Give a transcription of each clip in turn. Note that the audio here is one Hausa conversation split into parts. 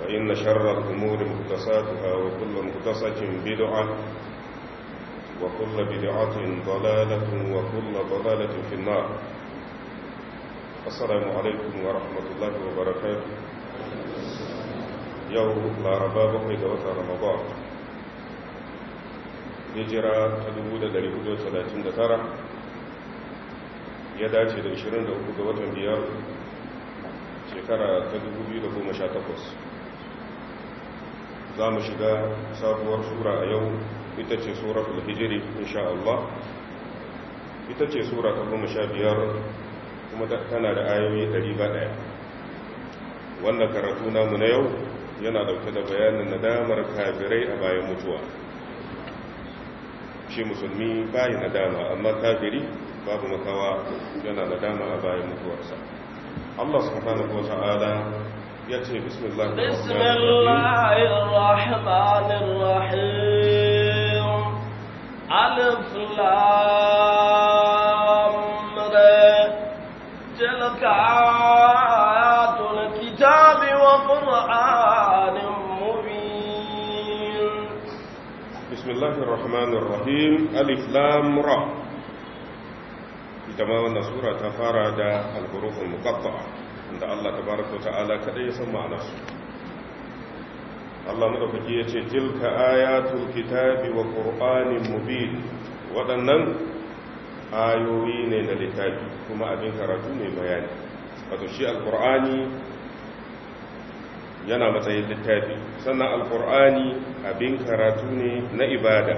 وإن شر الأمور مهدساتها وكل مهدسة بدعة وكل بدعة ضلالة وكل ضلالة في النار السلام عليكم ورحمة الله وبركاته يوم لا رباب في دوات رمضان هجرة تدبود لرهود وثلاثين دتارة يداتي لعشرين دوات بيار شكرا تدبود لكم شاتقص za mu shiga sabuwar sura a yau ita ce suratul alhijiri, insha Allah ita ce sura ta goma sha biyar kuma tana da ayoyi ɗari ba ɗaya wannan karatu namu na yau yana ɗauke da bayanin nadamar kafirai a bayan mutuwa shi musulmi bayi nadama amma kafiri babu makawa yana nadama a bayan mutuwarsa Allah subhanahu wa ta'ala يأتي بسم الله الرحمن بسم الله الرحمن الرحيم ألف لام ر تلك آيات الكتاب وقرآن مبين بسم الله الرحمن الرحيم ألف لام ر تماما سورة فرد الحروف المقطعة da Allah tabaraka ta'ala kadai ya san ma'ana su Allah madaukaki yace tilka ayatul kitabi wa qur'anin mubin waɗannan ayoyi ne na littafi kuma abin karatu ne bayani wato shi alqur'ani yana matsayin littafi sannan alqur'ani abin karatu ne na ibada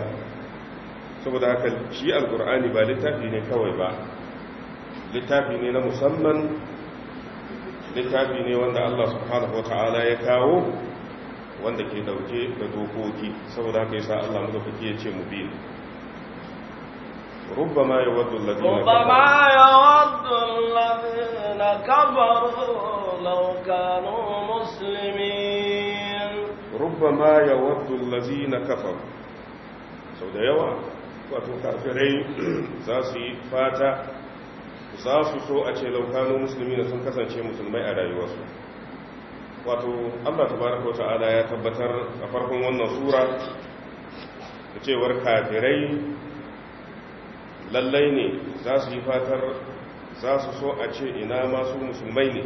saboda haka shi alqur'ani ba littafi ne kawai ba littafi ne na musamman littafi ne wanda Allah subhanahu wata'ala ya kawo wanda ke dauke da dokoki saboda haka sa Allah muka fike yace mu bi ربما يود الذين ربما يود الذين كفروا لو كانوا مسلمين ربما يود الذين كفروا سو da yawa wato kafirai za su yi fata za su so a ce laukano musulmi na sun kasance musulmai a rayuwarsu wato allah wata ala ya tabbatar a farkon wannan sura da cewar kafirai lallai ne za su yi fatar za su so a ce ina masu musulmai ne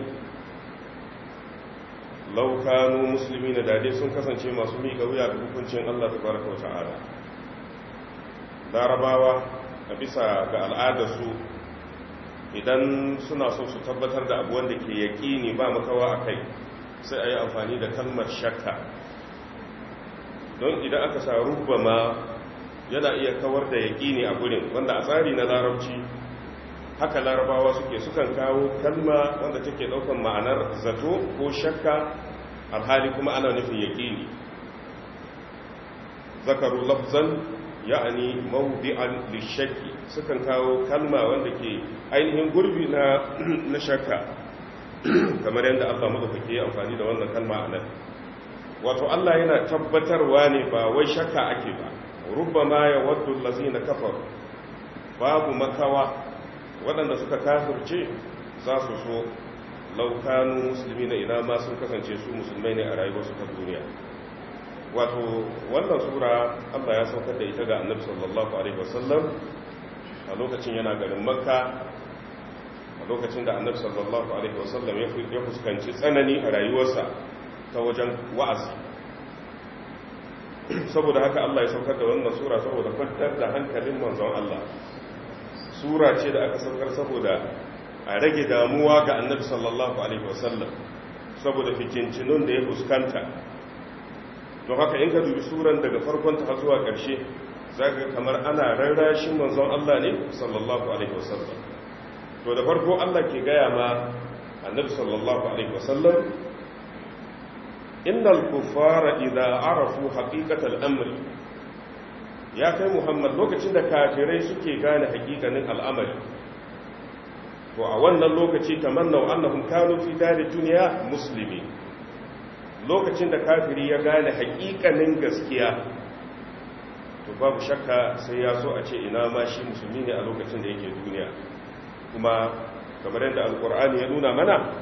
laukano musulmi na dade sun kasance masu miƙa wuya da hukuncin allah wata ala larabawa a bisa ga al'adarsu idan suna so su tabbatar da abu wanda ke yaƙini ba makawa a kai sai a yi amfani da kalmar shakka don idan aka sa rubba ma yana iya kawar da yaƙini a gurin wanda a tsari na larabci haka larabawa suke sukan kawo kalma wanda take ɗaukan ma'anar zato ko shakka alhali kuma ana nufin yaƙini zakaru lafzan ya'ani mawdi'an lishakki sukan kawo kalma wanda ke ainihin gurbi na na shakka kamar yadda Allah madaukake amfani da wannan kalma anan wato Allah yana tabbatarwa ne ba wai shakka ake ba rubbama wadda allazina kafar babu makawa waɗanda suka kafirce za su so laukanu musulmi na ina ma sun kasance su musulmai ne a rayuwarsu ta duniya wato wannan sura Allah ya saukar da ita ga annabi sallallahu alaihi wasallam a lokacin yana garin makka a lokacin da annabi sallallahu alaihi wasallam ya fuskanci tsanani a rayuwarsa ta wajen wa'azi saboda haka Allah ya saukar da wannan sura saboda kwantar da hankalin manzon Allah sura ce da aka saukar saboda a rage damuwa ga annabi sallallahu alaihi wasallam saboda fikincinun da ya fuskanta don haka in ka dubi suran daga farkon ta zuwa ƙarshe zaka kamar ana rarrashin manzon Allah ne sallallahu alaihi wasallam to da farko Allah ke gaya ma annabi sallallahu alaihi wasallam innal kuffara idza arafu haqiqatal amri ya kai muhammad lokacin da kafirai suke gane hakikanin al'amari to a wannan lokaci tamannau annahum kanu fi dari duniya muslimin lokacin da kafiri ya gane hakikanin gaskiya to babu shakka sai ya so a ce ina ma shi musulmi ne a lokacin da yake duniya kuma kamar yadda alkur'ani ya nuna mana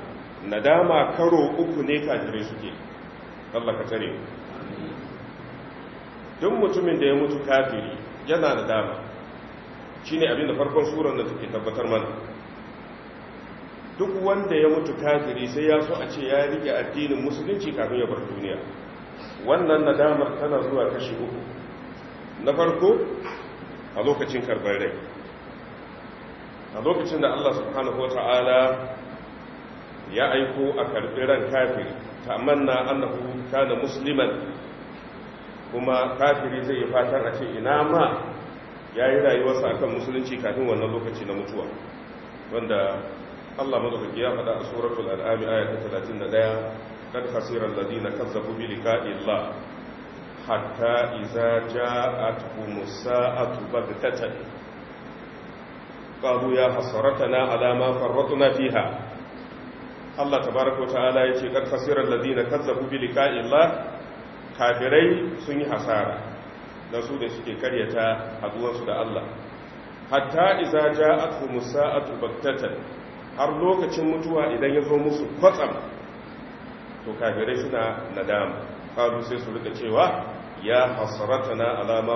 nadama karo uku ne kafirai suke Allah ka tare duk mutumin da ya mutu kafiri yana nadama shine abin da farkon surar da take tabbatar mana duk wanda ya mutu kafiri sai ya so a ce ya rike addinin musulunci kafin ya bar duniya wannan nadamar tana zuwa kashi uku na farko a lokacin karbar rai a lokacin da Allah subhanahu wa ya aiko a karbi ran kafiri amanna annahu kana musliman kuma kafiri zai yi fatan a ce ina ma yayi rayuwarsa akan musulunci kafin wannan lokaci na mutuwa wanda Allah madaukaki ya faɗa a suratul an'am aya ta 31 kad khasiran ladina kazzabu bi liqa'i Allah hatta idza ja'atuhum sa'atu baghtatan qalu ya hasaratana ala ma farratna fiha Allah tabaraka wa ta'ala yace kad khasiran ladina kazzabu bi liqa'i Allah kafirai sun yi hasara da su da suke karyata haduwarsu da Allah hatta idza ja'atuhum sa'atu baghtatan har lokacin mutuwa idan ya zo musu kwatsam to kafirai suna nadama faru sai su rika cewa ya hasratana alama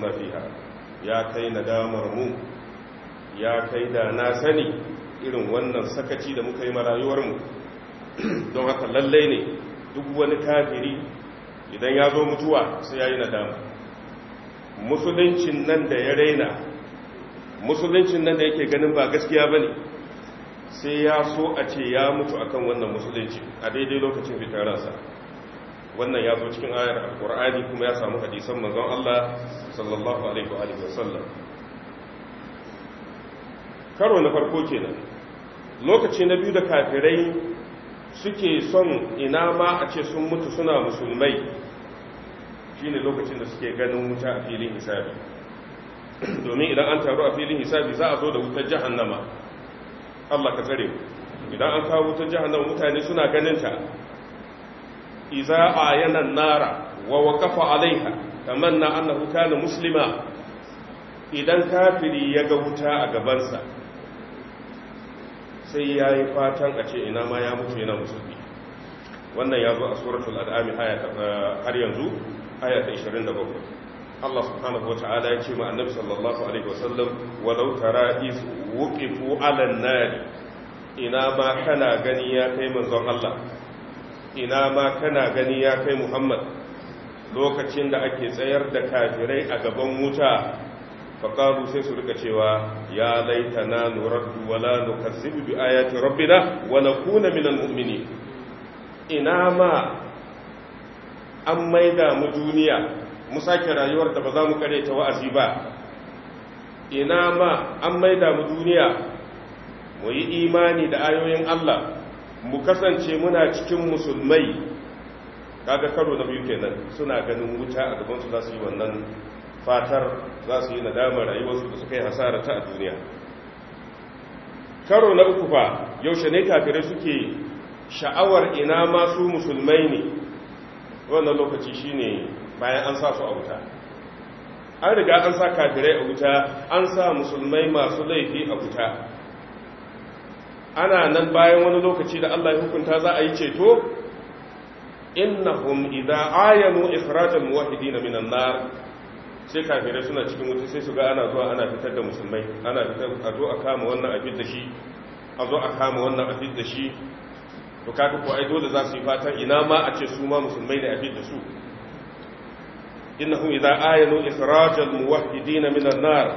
na fiha ya kai nadamar mu ya kai da na sani irin wannan sakaci da muka yi marayuwar mu don haka lallai ne duk wani kafiri idan ya zo mutuwa sai ya yi nadama musuluncin nan da ya raina musuluncin nan da yake ganin ba gaskiya ba ne sai ya so a ce ya mutu akan wannan musulunci a daidai lokacin fitararsa wannan ya zo cikin ayar alkur'ani kuma ya samu hadisan manzon Allah sallallahu alaihi wa sallam karo na farko kenan lokaci na biyu da kafirai suke son ina ma a ce sun mutu suna musulmai shine lokacin da suke ganin wuta a filin hisabi domin idan an taru a filin hisabi za a zo da wutar jahannama Allah ka tsare idan an kawo wutar jahannama mutane suna ganin ta iza ayana nara wa waqafa alaiha tamanna annahu kana muslima idan kafiri ya ga wuta a gabansa sai yayi fatan a ce ina ma ya mutu yana musulmi wannan ya zo a suratul al'ami har yanzu ayata 27 Allah subhanahu wa ta'ala ya ce ma annabi sallallahu alaihi wasallam walau tara is wuqifu ala nari ina ma kana gani ya kai manzon Allah ina ma kana gani ya kai Muhammad lokacin da ake tsayar da kafirai a gaban wuta qalu sai su rika cewa ya laitana nuraddu wala nukazzibu bi ayati rabbina wa nakuna minal mu'minin ina ma an maida mu duniya mu sake rayuwar da ba za mu kare ta wa'azi ba ina ma an maida mu duniya mu yi imani da ayoyin Allah mu kasance muna cikin musulmai kaga karo na biyu kenan suna ganin wuta a gabansu za su yi wannan fatar za su yi nadamar rayuwarsu da su kai hasara ta a duniya karo na uku fa yaushe ne kafire suke sha'awar ina masu musulmai ne wannan lokaci shine bayan an sa su a wuta an riga an sa kafirai a wuta an sa musulmai masu laifi a wuta ana nan bayan wani lokaci da Allah ya hukunta za a yi ceto innahum idza ayanu ikhrajal muwahhidin minan nar sai kafirai suna cikin wuta sai su ga ana zuwa ana fitar da musulmai ana fitar a zo a kama wannan abin da shi a zo a kama wannan abin da shi to kaka ko ai dole za su yi fatan ina ma a ce su ma musulmai ne abin da su innahum idza ayanu ikhrajal muwahhidin min an-nar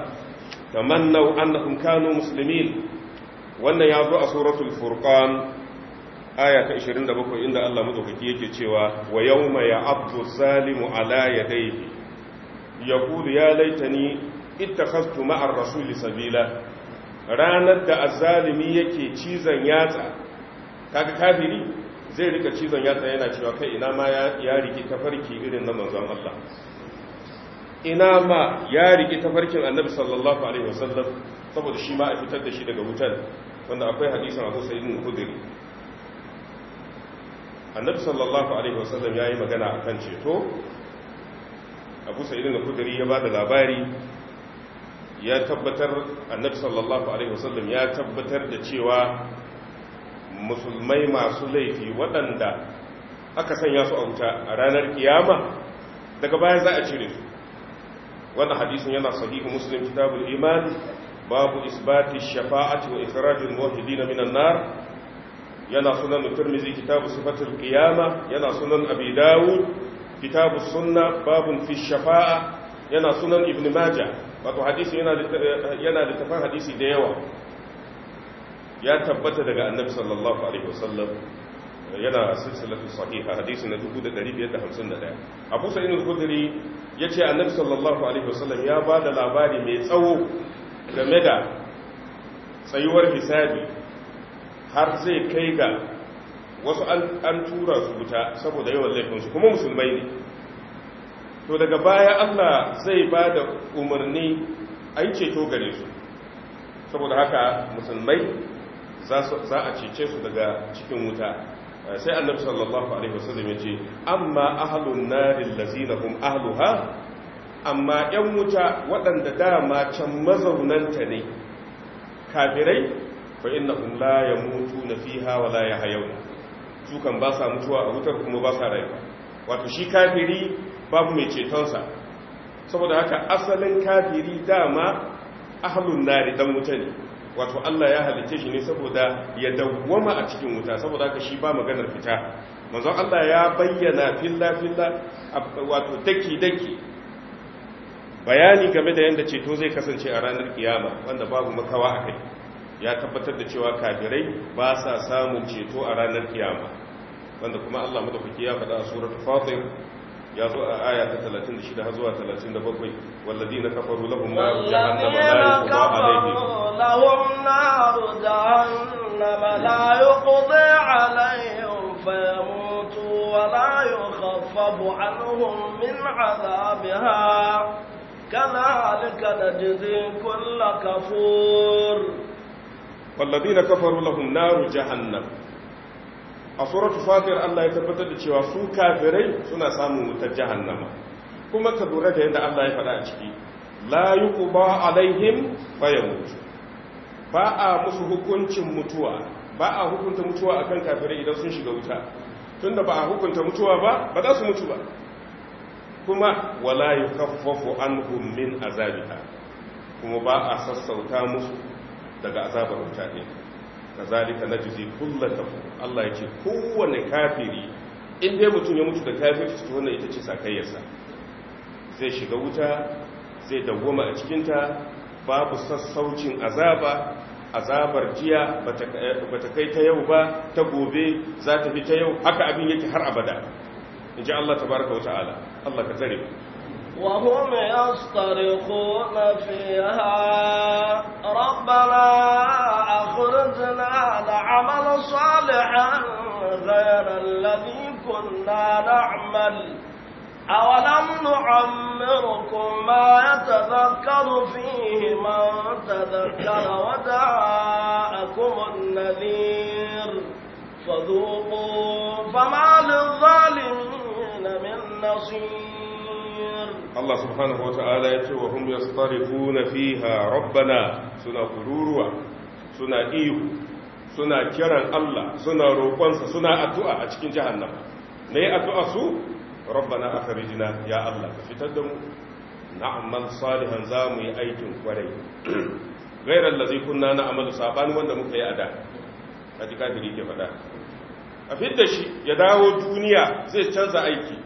tamannaw annahum kanu muslimin wannan ya zo a suratul furqan aya ta 27 inda Allah madaukaki yake cewa wa yawma ya'abdu zalimu ala yadayhi yaqulu ya laitani ittakhadtu ma'a ar-rasuli sabila ranar da azzalimi yake cizon yatsa kaga kafiri zai rika cizon yatsa yana cewa kai ina ma ya riki tafarki irin na manzon Allah ina ma ya rike tafarkin annabi sallallahu alaihi wasallam saboda shi ma a fitar da shi daga wutar wanda akwai hadisan abu sayyidin kudiri annabi sallallahu alaihi wasallam ya yi magana a kan ceto abu sayyidin kudiri ya ba da labari ya tabbatar annabi sallallahu alaihi wasallam ya tabbatar da cewa musulmai masu laifi waɗanda aka sanya su a wuta a ranar kiyama daga baya za a cire su wannan hadisin yana sahihu muslim kitabul iman babu isbati shafa'ati wa ikhrajul muwahhidin minan nar yana sunan tirmidhi kitabu sifatul qiyama yana sunan abi dawud kitabu sunna babun fi shafa'a yana sunan ibn majah wato hadisi yana yana littafin hadisi da yawa ya tabbata daga annabi sallallahu alaihi wasallam yana silsilatu sahiha hadisi na 1551 abu sa'id al-khudri yace annabi sallallahu alaihi wasallam ya ba da labari mai tsawo game da tsayuwar hisabi har zai kai ga wasu an tura su wuta saboda yawan laifin su kuma musulmai ne to daga baya Allah zai ba da umarni a yi ceto gare su saboda haka musulmai za a cece su daga cikin wuta sai annabi sallallahu alaihi wasallam yace ce amma ahlun narin lazina hum ahluha amma yan wuta waɗanda dama can mazaunanta ne kafirai fa innahum la yamutuna fiha wa la yahyauna su kan ba sa mutuwa a wutar kuma ba sa rayuwa wato shi kafiri babu mai cetonsa saboda haka asalin kafiri dama ahlun nari dan wuta ne wato Allah ya halitta shi ne saboda ya dawwama a cikin wuta saboda haka shi ba maganar fita manzo Allah ya bayyana filla filla wato daki daki bayani game da yanda ceto zai kasance a ranar kiyama wanda babu makawa a kai ya tabbatar da cewa kafirai ba sa samun ceto a ranar kiyama wanda kuma Allah madaukaki ya faɗa a suratul fatir ya zo a aya ta 36 har zuwa 37 wallazina kafaru lahum ma'a jahannama la yuqda تصلهم نار جهنم لا يقضي عليهم فيموتوا ولا يخفف عنهم من عذابها كذلك نجزي كل كفور والذين كفروا لهم نار جهنم a suratu fatir Allah ya tabbatar da cewa su kafirai suna samun wutar jahannama kuma ka lura da yadda Allah ya faɗa a ciki la yuqba alaihim fayamutu ba a musu hukuncin mutuwa ba a hukunta mutuwa a kan kafirai idan sun shiga wuta tunda ba a hukunta mutuwa ba ba za su mutu ba kuma wala yukaffafu anhum min azabiha kuma ba a sassauta musu daga azabar wuta ne. na kazalika najzi kullata, Allah ya ce, kowane kafiri inda dai mutum ya mutu da kafirci ta wannan ita ce sakayyarsa zai shiga wuta zai dawwama a cikinta babu sassaucin azaba azabar jiya ba ta eh, kai ta yau ba ta gobe za ta fi ta yau haka abin yake har abada in ji Allah tabaraka wa ta'ala Allah ka tsare وهم يصطرخون فيها ربنا أخرجنا لعمل صالحا غير الذي كنا نعمل أولم نعمركم ما يتذكر فيه من تذكر وداءكم النذير فذوقوا فما للظالمين من نصير الله سبحانه وتعالى يتوى وهم يصطرفون فيها ربنا سنة قروروا سنة إيه سنة كرا الله سنة روقنس سنة أتوى أتكين جهنم ليه أتوى أسوه rabbana akhrijna ya Allah ka fitar da mu na'mal salihan za mu yi aikin kwarai Gairan lazi kunna na amalu sabani wanda muka yi a da Kaji kafiri ke faɗa a fidda shi ya dawo duniya zai canza aiki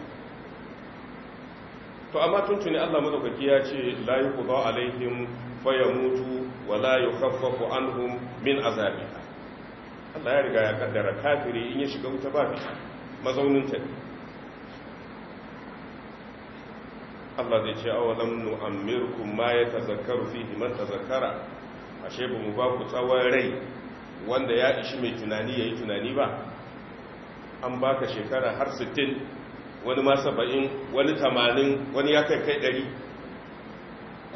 to amma tuntuni Allah madaukaki ya ce la yuqda alaihim fa yamutu wa la yukhaffafu anhum min azabi Allah ya riga ya kaddara kafiri in ya shiga wuta ba mazaunin ta Allah zai ce awalam nu'ammirkum ma yatazakkaru fihi man tazakkara ashe ba mu ba ku tsawon rai wanda ya ishi mai tunani yayi tunani ba an baka shekara har 60 wani ma 70 wani 80 wani ya kai kai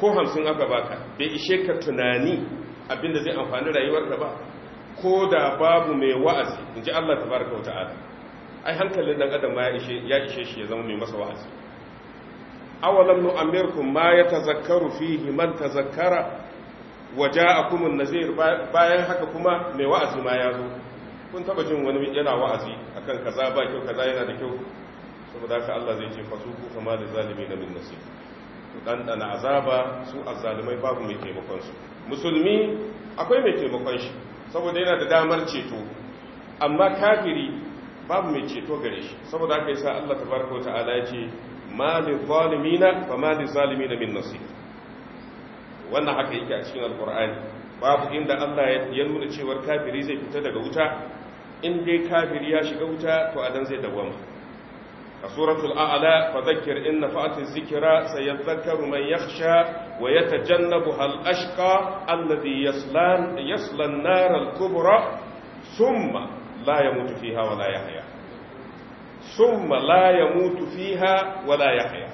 100 ko 50 aka baka bai ishe ka tunani abinda zai amfani ka ba ko da babu mai wa'azi inji Allah tabaraka wa ta'ala ai hankalin dan adam ma ya ishe ya ishe shi ya zama mai masa wa'azi awalam nu'ammirkum ma tazakkaru fihi man tazakkara waja'akum an-nazir bayan haka kuma mai wa'azi ma ya zo kun taba jin wani yana wa'azi akan kaza ba kyau kaza yana da kyau saboda haka Allah zai ce fasuku kama da zalimi na min nasir dan azaba su azalimai babu mai taimakon su musulmi akwai mai taimakon shi saboda yana da damar ceto amma kafiri babu mai ceto gare shi saboda haka yasa Allah tabaraka wa ta'ala ya ce ma lizalimina fa ma lizalimina min nasir wannan haka yake a cikin alqur'ani babu inda Allah ya nuna cewa kafiri zai fita daga wuta in dai kafiri ya shiga wuta to dan zai dawama a suratul a'la fa dhakkir in nafa'ati dhikra sayadhakkaru man yakhsha wa yatajannabuha al-ashqa alladhi yaslan yasla an-nar al-kubra thumma la yamutu fiha wa la yahya summa la mutu fiha wala ya haya.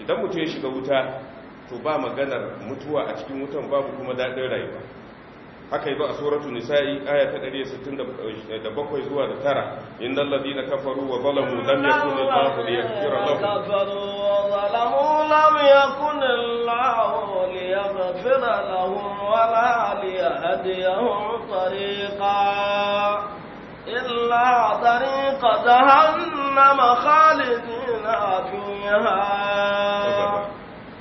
idan mutu ya shiga wuta to ba maganar mutuwa a cikin wutan babu kuma daɗin rayuwa haka yi ba a tsoratu nisa'i aya ta 167 zuwa da tara in ladina na wa kafaru wa zalamu lam ya kuna liyaghfira da ya kira إلا طريق جهنم خالدين فيها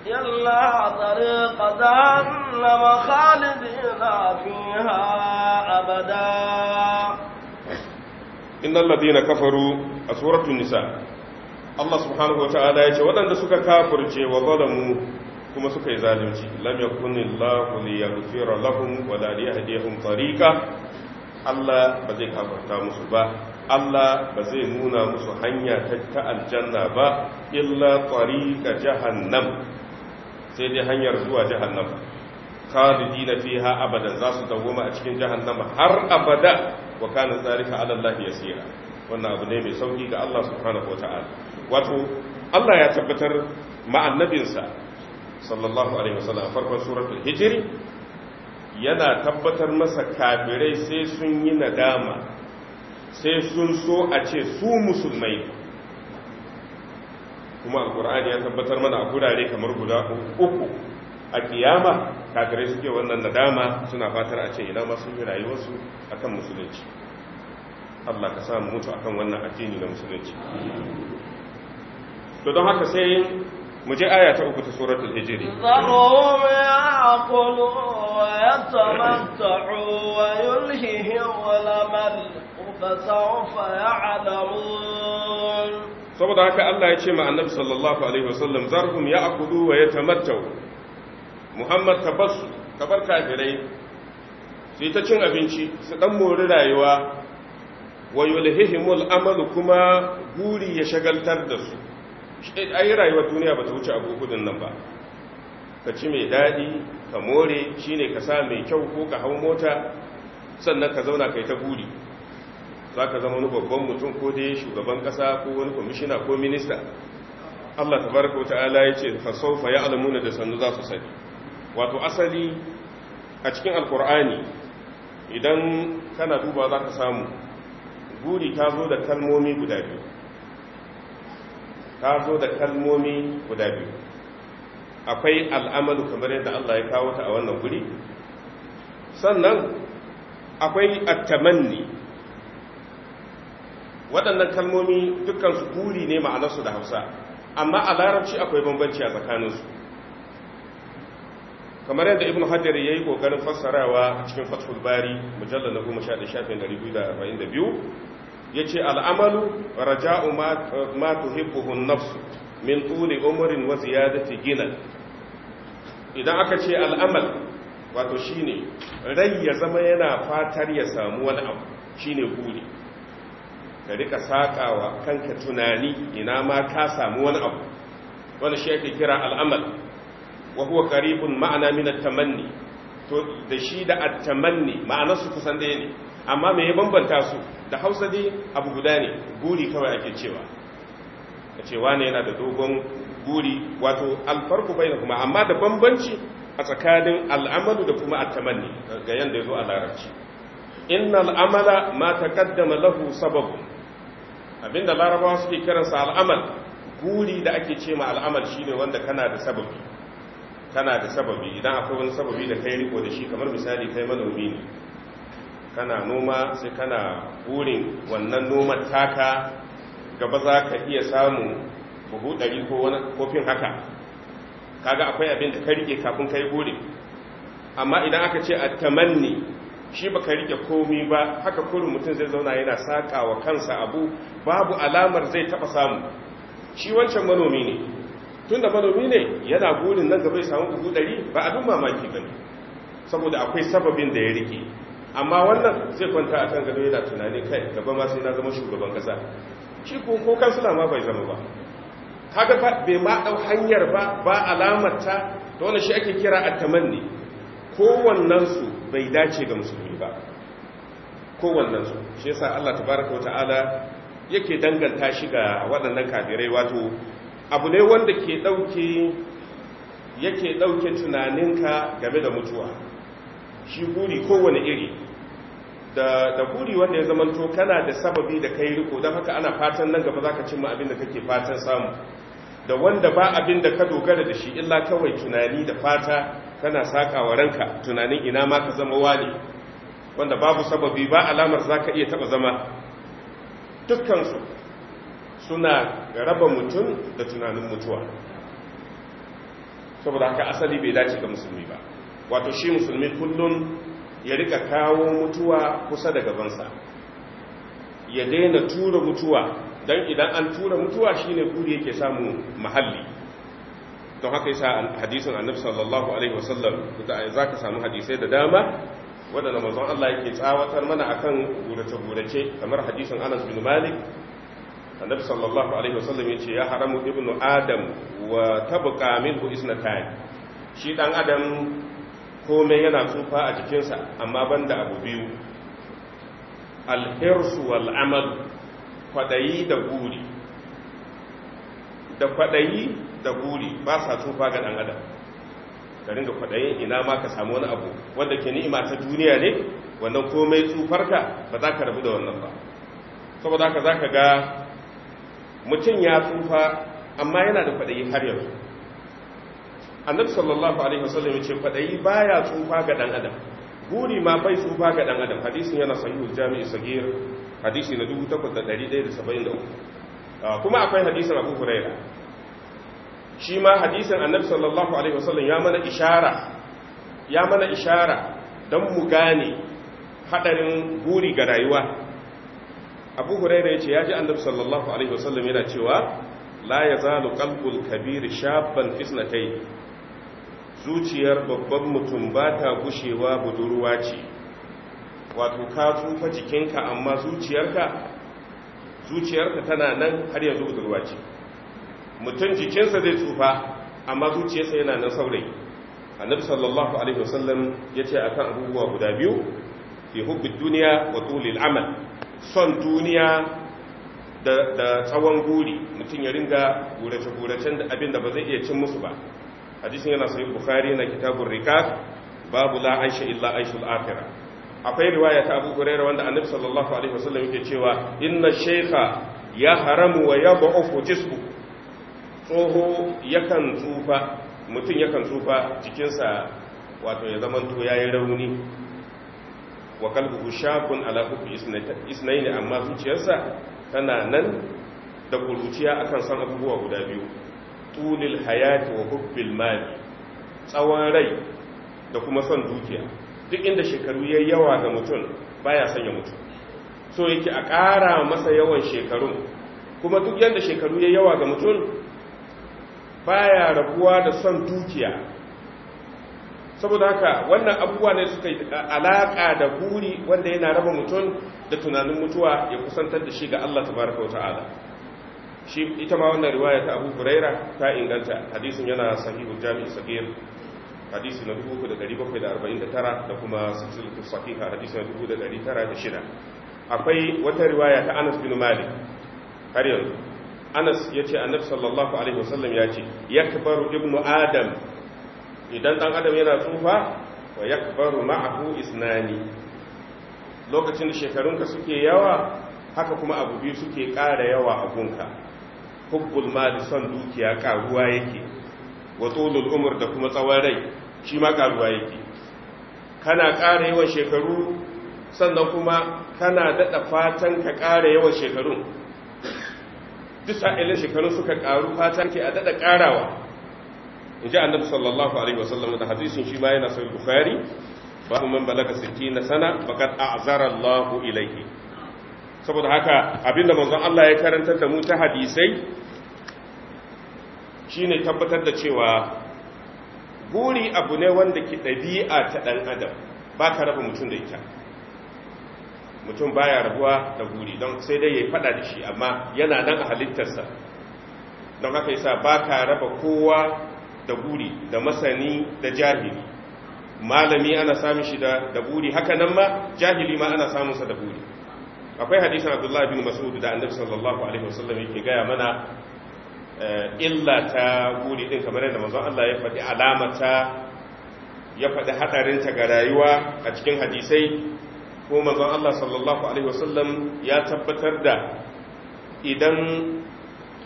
إلا طريق جهنم خالدين فيها أبدا إن الذين كفروا سورة النساء Allah subhanahu wa ta'ala ya ce waɗanda suka kafurce wa zalamu kuma suka yi zalunci lam yakun illahu liyaghfira lahum wa la yahdihim tariqa Allah ba zai kafarta musu ba Allah ba zai nuna musu hanya ta aljanna ba illa tariqa jahannam sai dai hanyar zuwa jahannama khalidina fiha abada za su dawoma a cikin jahannama har abada wa kana zalika ala Allah yasira wannan abu ne mai sauki ga Allah subhanahu wataala wato Allah ya tabbatar ma annabinsa sallallahu alaihi wasallam farkon suratul hijiri. yana tabbatar masa kafirai sai sun yi nadama sai sun so a ce su musulmai kuma alkur'ani ya tabbatar mana a gurare kamar guda uku a kiyama kafirai suke wannan nadama suna fatar a ce ina masu yi rayuwarsu akan musulunci Allah ka samu mutu akan wannan addini na musulunci to don haka sai mu je aya ta uku ta suratul hijri zarhum yaqulu wa yatamattu wa yulhihi al-amal fasawfa ya'lamun saboda haka Allah ya ce ma annabi sallallahu alaihi wasallam zarhum ya'kulu wa yatamattu Muhammad tabassu kabar kafirai sai ta cin abinci su dan mori rayuwa wa yulhihimul amal kuma guri ya shagaltar da su ai rayuwar duniya ba ta wuce abubuwan nan ba ka ci mai daɗi ka more shi ne ka sa mai kyau ko ka hau mota sannan ka zauna kai ta buri za ka zama wani babban mutum ko dai shugaban ƙasa ko wani kwamishina ko minista allah ta baraka wata ala ya ce saufa ya alamuna da sannu za su sani wato asali a cikin alkur'ani idan kana duba za ka samu buri ta zo da kalmomi guda biyu ta zo da kalmomi guda biyu akwai al'amalu kamar yadda Allah ya kawo ta a wannan guri sannan akwai attamanni waɗannan kalmomi dukkansu guri ne ma'anarsu da hausa amma a larabci akwai bambanci a tsakaninsu kamar yadda ibn hajjar ya yi ƙoƙarin fassarawa cikin fathul bari mujallar na goma sha shafin biyu yace al'amalu raja'u ma tuhibbuhu an-nafs min umarin umrin ya ziyadati ginan idan aka ce al'amal wato ne rai ya zama yana fatar ya samu wani abu shine buri ka rika sakawa kanka tunani ina ma ka samu wani abu wani shi ake kira al'amal wa huwa qaribun ma'ana min at-tamanni to da shi da at-tamanni ma'anar kusan ɗaya ne amma mai ya bambanta su da hausa dai abu guda ne guri kawai ake cewa a cewa ne yana da dogon guri wato alfarku bai na kuma amma da bambanci a tsakanin al'amalu da kuma atamanni ga yadda ya zo a larabci inna al'amala ma ta kaddama lahu sababu abinda larabawa suke kiransa al'amal guri da ake ce ma al'amal shine wanda kana da sababi kana da sababi idan akwai wani sababi da kai riko da shi kamar misali kai manomi ne kana noma sai kana burin wannan noman taka gaba za ka iya samu buhu ɗari ko wani kofin haka kaga akwai abin da ka rike kafin ka yi burin amma idan aka ce a tamanni shi ba ka rike komi ba haka kurin mutum zai zauna yana saƙa wa kansa abu babu alamar zai taɓa samu shi wancan manomi ne tun da manomi ne yana burin nan gaba ya samu buhu ɗari ba abin mamaki ba ne saboda akwai sababin da ya rike amma wannan zai kwanta a kan gado yana tunani kai gaba ma sai na zama shugaban kasa shi ko ko kansila ma bai zama ba kaga fa bai ma dau hanyar ba ba alamar da wannan shi ake kira at-tamanni kowannen bai dace ga musulmi ba kowannen su shi yasa Allah tabaaraka wa ta'ala yake danganta shi ga waɗannan kafirai wato abu ne wanda ke ɗauke yake ɗauke tunaninka game da mutuwa shi buri kowane iri da buri wanda ya zamanto kana da sababi da kai riko don haka ana fatan nan gaba za ka cimma abin da kake fatan samu da wanda ba abin da ka dogara da shi illa kawai tunani da fata kana sakawa ranka tunanin ina ma ka zama wani wanda babu sababi ba alamar za ka iya taba zama dukkansu suna raba mutum da tunanin mutuwa saboda haka asali bai dace ga musulmi ba wato shi musulmi kullum ya rika kawo mutuwa kusa da gabansa ya daina tura mutuwa don idan an tura mutuwa shine kuri yake samu mahalli don haka yasa hadisin annabi sallallahu alaihi wasallam da ka samu hadisai da dama wadanda manzon Allah yake tsawatar mana akan gurace gurace kamar hadisin Anas bin Malik annabi sallallahu alaihi wasallam yace ya haramu ibnu adam wa tabqa minhu isnatan shi ɗan adam komai yana tsufa a jikinsa amma banda abu biyu alhirsu wal amal kwadayi da guri da kwadayi da guri ba sa tsufa ga dan adam ka ringa ina ma ka samu wani abu wadda ke ni'ima ta duniya ne wannan komai tsufarka ba za ka rabu da wannan ba saboda ka za ka ga mutum ya tsufa amma yana da kwaɗayi har yanzu annabi sallallahu alaihi wasallam ya ce kwadayi baya tsufa ga dan adam buri ma bai tsufa ga dan adam hadisin yana sahihul jami'i sagir hadisi na 8173 ah, kuma akwai hadisin Abu Huraira shi ma hadisin annabi sallallahu alaihi wasallam ya mana ishara ya mana ishara dan mu gane hadarin buri ga rayuwa Abu Huraira ya ce ya ji annabi sallallahu alaihi wasallam yana cewa la yazalu qalbul kabir shabban fisnatayn zuciyar babban mutum ba ta gushewa budurwa ce wato ka tsufa jikinka amma zuciyarka zuciyarka tana nan har yanzu budurwa ce mutum jikinsa zai tsufa amma zuciyarsa yana nan saurayi annabi sallallahu alaihi wasallam yace akan abubuwa guda biyu fi hubbi duniya wa tulil amal son duniya da tsawon guri mutum ya ringa gurace-guracen da abin da ba zai iya cin musu ba hadisin yana sayo bukhari na kitabun rikab babu la aisha illa aishul akhirah akwai riwaya ta abu hurairah wanda annabi sallallahu alaihi wasallam yake cewa inna shaykha ya haramu wa yad'ufu jismu tsoho yakan tsufa mutum yakan tsufa jikinsa wato ya zamanto yayi rauni wa kalbuhu shakun ala hufi isnaini amma zuciyarsa tana nan da kuruciya akan san abubuwa guda biyu tulil hayati wa hubbil mali tsawon rai da kuma son dukiya duk inda shekaru ya yawa ga mutum baya son ya mutu so yake a ƙara masa yawan shekarun kuma duk yadda shekaru ya yawa ga mutum baya rabuwa da son dukiya saboda haka wannan abubuwa ne suka yi alaƙa da buri wanda yana raba mutum da tunanin mutuwa ya kusantar da shi ga Allah tabaraka wa ta'ala shi ita ma wannan riwaya ta abu huraira ta inganta hadisin yana sahihu jami'i sagir hadisi na 3749 da kuma sahihu sahiha hadisi na 1906 akwai wata riwaya ta Anas bin Malik har yanzu Anas yace Annabi sallallahu alaihi wasallam yace yakbaru ibnu adam idan dan adam yana tsufa wa yakbaru ma'ahu isnani lokacin da shekarunka suke yawa haka kuma abu biyu suke ƙara yawa a gunka hubbul mali son dukiya karuwa yake wa tsolul Umar da kuma tsawon rai shi ma karuwa yake kana ƙara yawan shekaru sannan kuma kana daɗa fatan ka ƙara yawan shekarun duk sa'ilin shekarun suka ƙaru fatan ke a daɗa ƙarawa in ji annabi sallallahu alaihi wasallam da hadisin shi ma yana sai bukhari ba man balaga 60 sana faqad a'zara Allahu ilayhi saboda haka abinda manzon Allah ya karantar da mu ta hadisai shine tabbatar da cewa buri abu ne wanda ke ɗabi'a ta ɗan adam ba ka raba mutum da ita mutum baya rabuwa da buri don sai dai ya faɗa da shi amma yana nan a halittarsa don haka yasa ba ka raba kowa da buri da masani da jahili malami ana samun shi da buri haka nan ma jahili ma ana samunsa da buri akwai hadisin abdullahi bin mas'ud da annabi sallallahu alaihi wasallam yake gaya mana eh, illa ta guri din kamar yadda manzon Allah ya faɗi alamata ya faɗi hadarin ta ga rayuwa a cikin hadisai ko manzon Allah sallallahu alaihi wasallam ya tabbatar da idan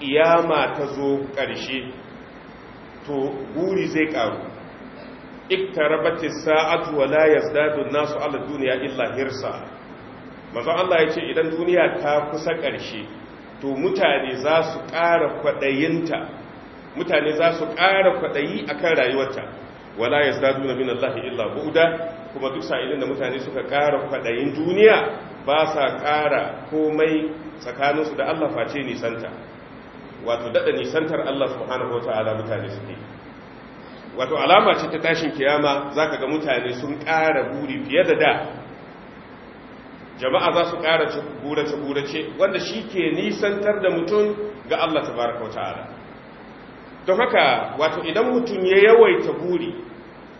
kiyama ta zo ƙarshe to guri zai ƙaru iktarabatis sa'atu wa la yazdadu nasu ala dunya illa hirsa mazan Allah ya ce idan duniya ta kusa ƙarshe to mutane za su ƙara kwaɗayinta mutane za su ƙara kwaɗayi a kan rayuwarta wala ya zadu na min Allah illa buɗa kuma duk sa'ilin da mutane suka ƙara kwaɗayin duniya ba sa ƙara komai tsakaninsu da Allah face nisanta wato daɗa nisantar Allah subhanahu wa ta'ala mutane suke wato alama ce ta tashin kiyama za ka ga mutane sun ƙara buri fiye da da jama'a za su ƙara gurace-gurace wanda shi ke nisantar da mutum ga Allah ta baraka wa ta'ala haka wato idan mutum ya yawaita guri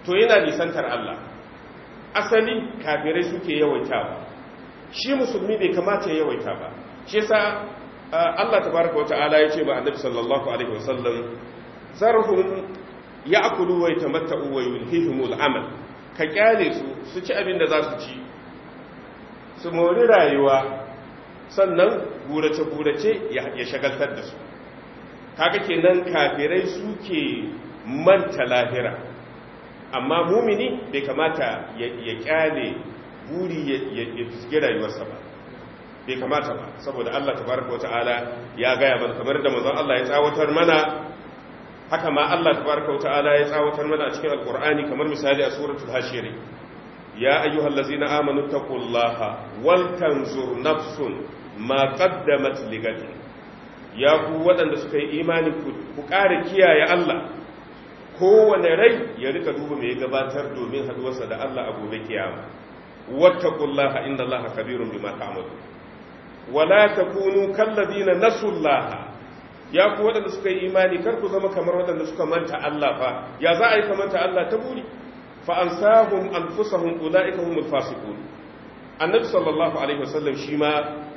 to yana nisantar Allah asali kafirai suke ba. shi musulmi bai kamata ya yawaita ba shi sa Allah ta baraka wa ta'ala ya ce ba annabi sallallahu alaihi wasallam zarhum ya'kulu amal ka kyale su su ci abin da za su ci su mori rayuwa sannan gurace-gurace ya shagaltar da su kaga kenan kafirai suke manta lahira amma mumini bai kamata ya kyale buri ya fiske rayuwarsa ba bai kamata ba saboda Allah tabaraka wata'ala ya gaya ba kamar da manzon Allah ya tsawatar mana haka ma Allah tabaraka wata'ala ya tsawatar mana a cikin alqur'ani kamar misali a suratul hashiri ya ayyuhal ladzina amanu taqullaha wal tanzur nafsun ma qaddamat ya ku waɗanda suka yi imani ku ƙara kiyaye Allah kowane rai ya rika duba mai gabatar domin haduwarsa da Allah a gobe kiyama wattaqullaha inna Allaha kabirun bima ta'malun wala takunu kalladina nasullaha ya ku waɗanda suka yi imani kar ku zama kamar waɗanda suka manta Allah fa ya za a yi ka Allah ta buri fa ansahum anfusahum ulaika humul fasiqun annabi sallallahu alaihi wasallam shi ma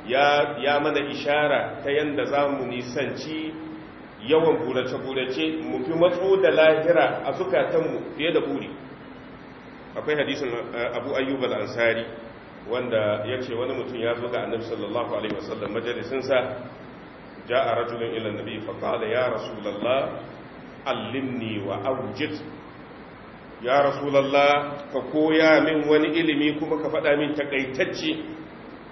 ya ya mana ishara ta yanda zamu nisanci yawan bulace-bulace mu fi matso da lahira a zukatanmu fiye da buri akwai hadisin eh, abu ayyub ansari wanda ya ce wani mutum ya zo ga annabi sallallahu alaihi wasallam majalisinsa ja'a rajulun ila nabi fa da ya rasulullah allimni wa awjid ya rasulallah ka koya min wani ilimi kuma ka faɗa min takaitacce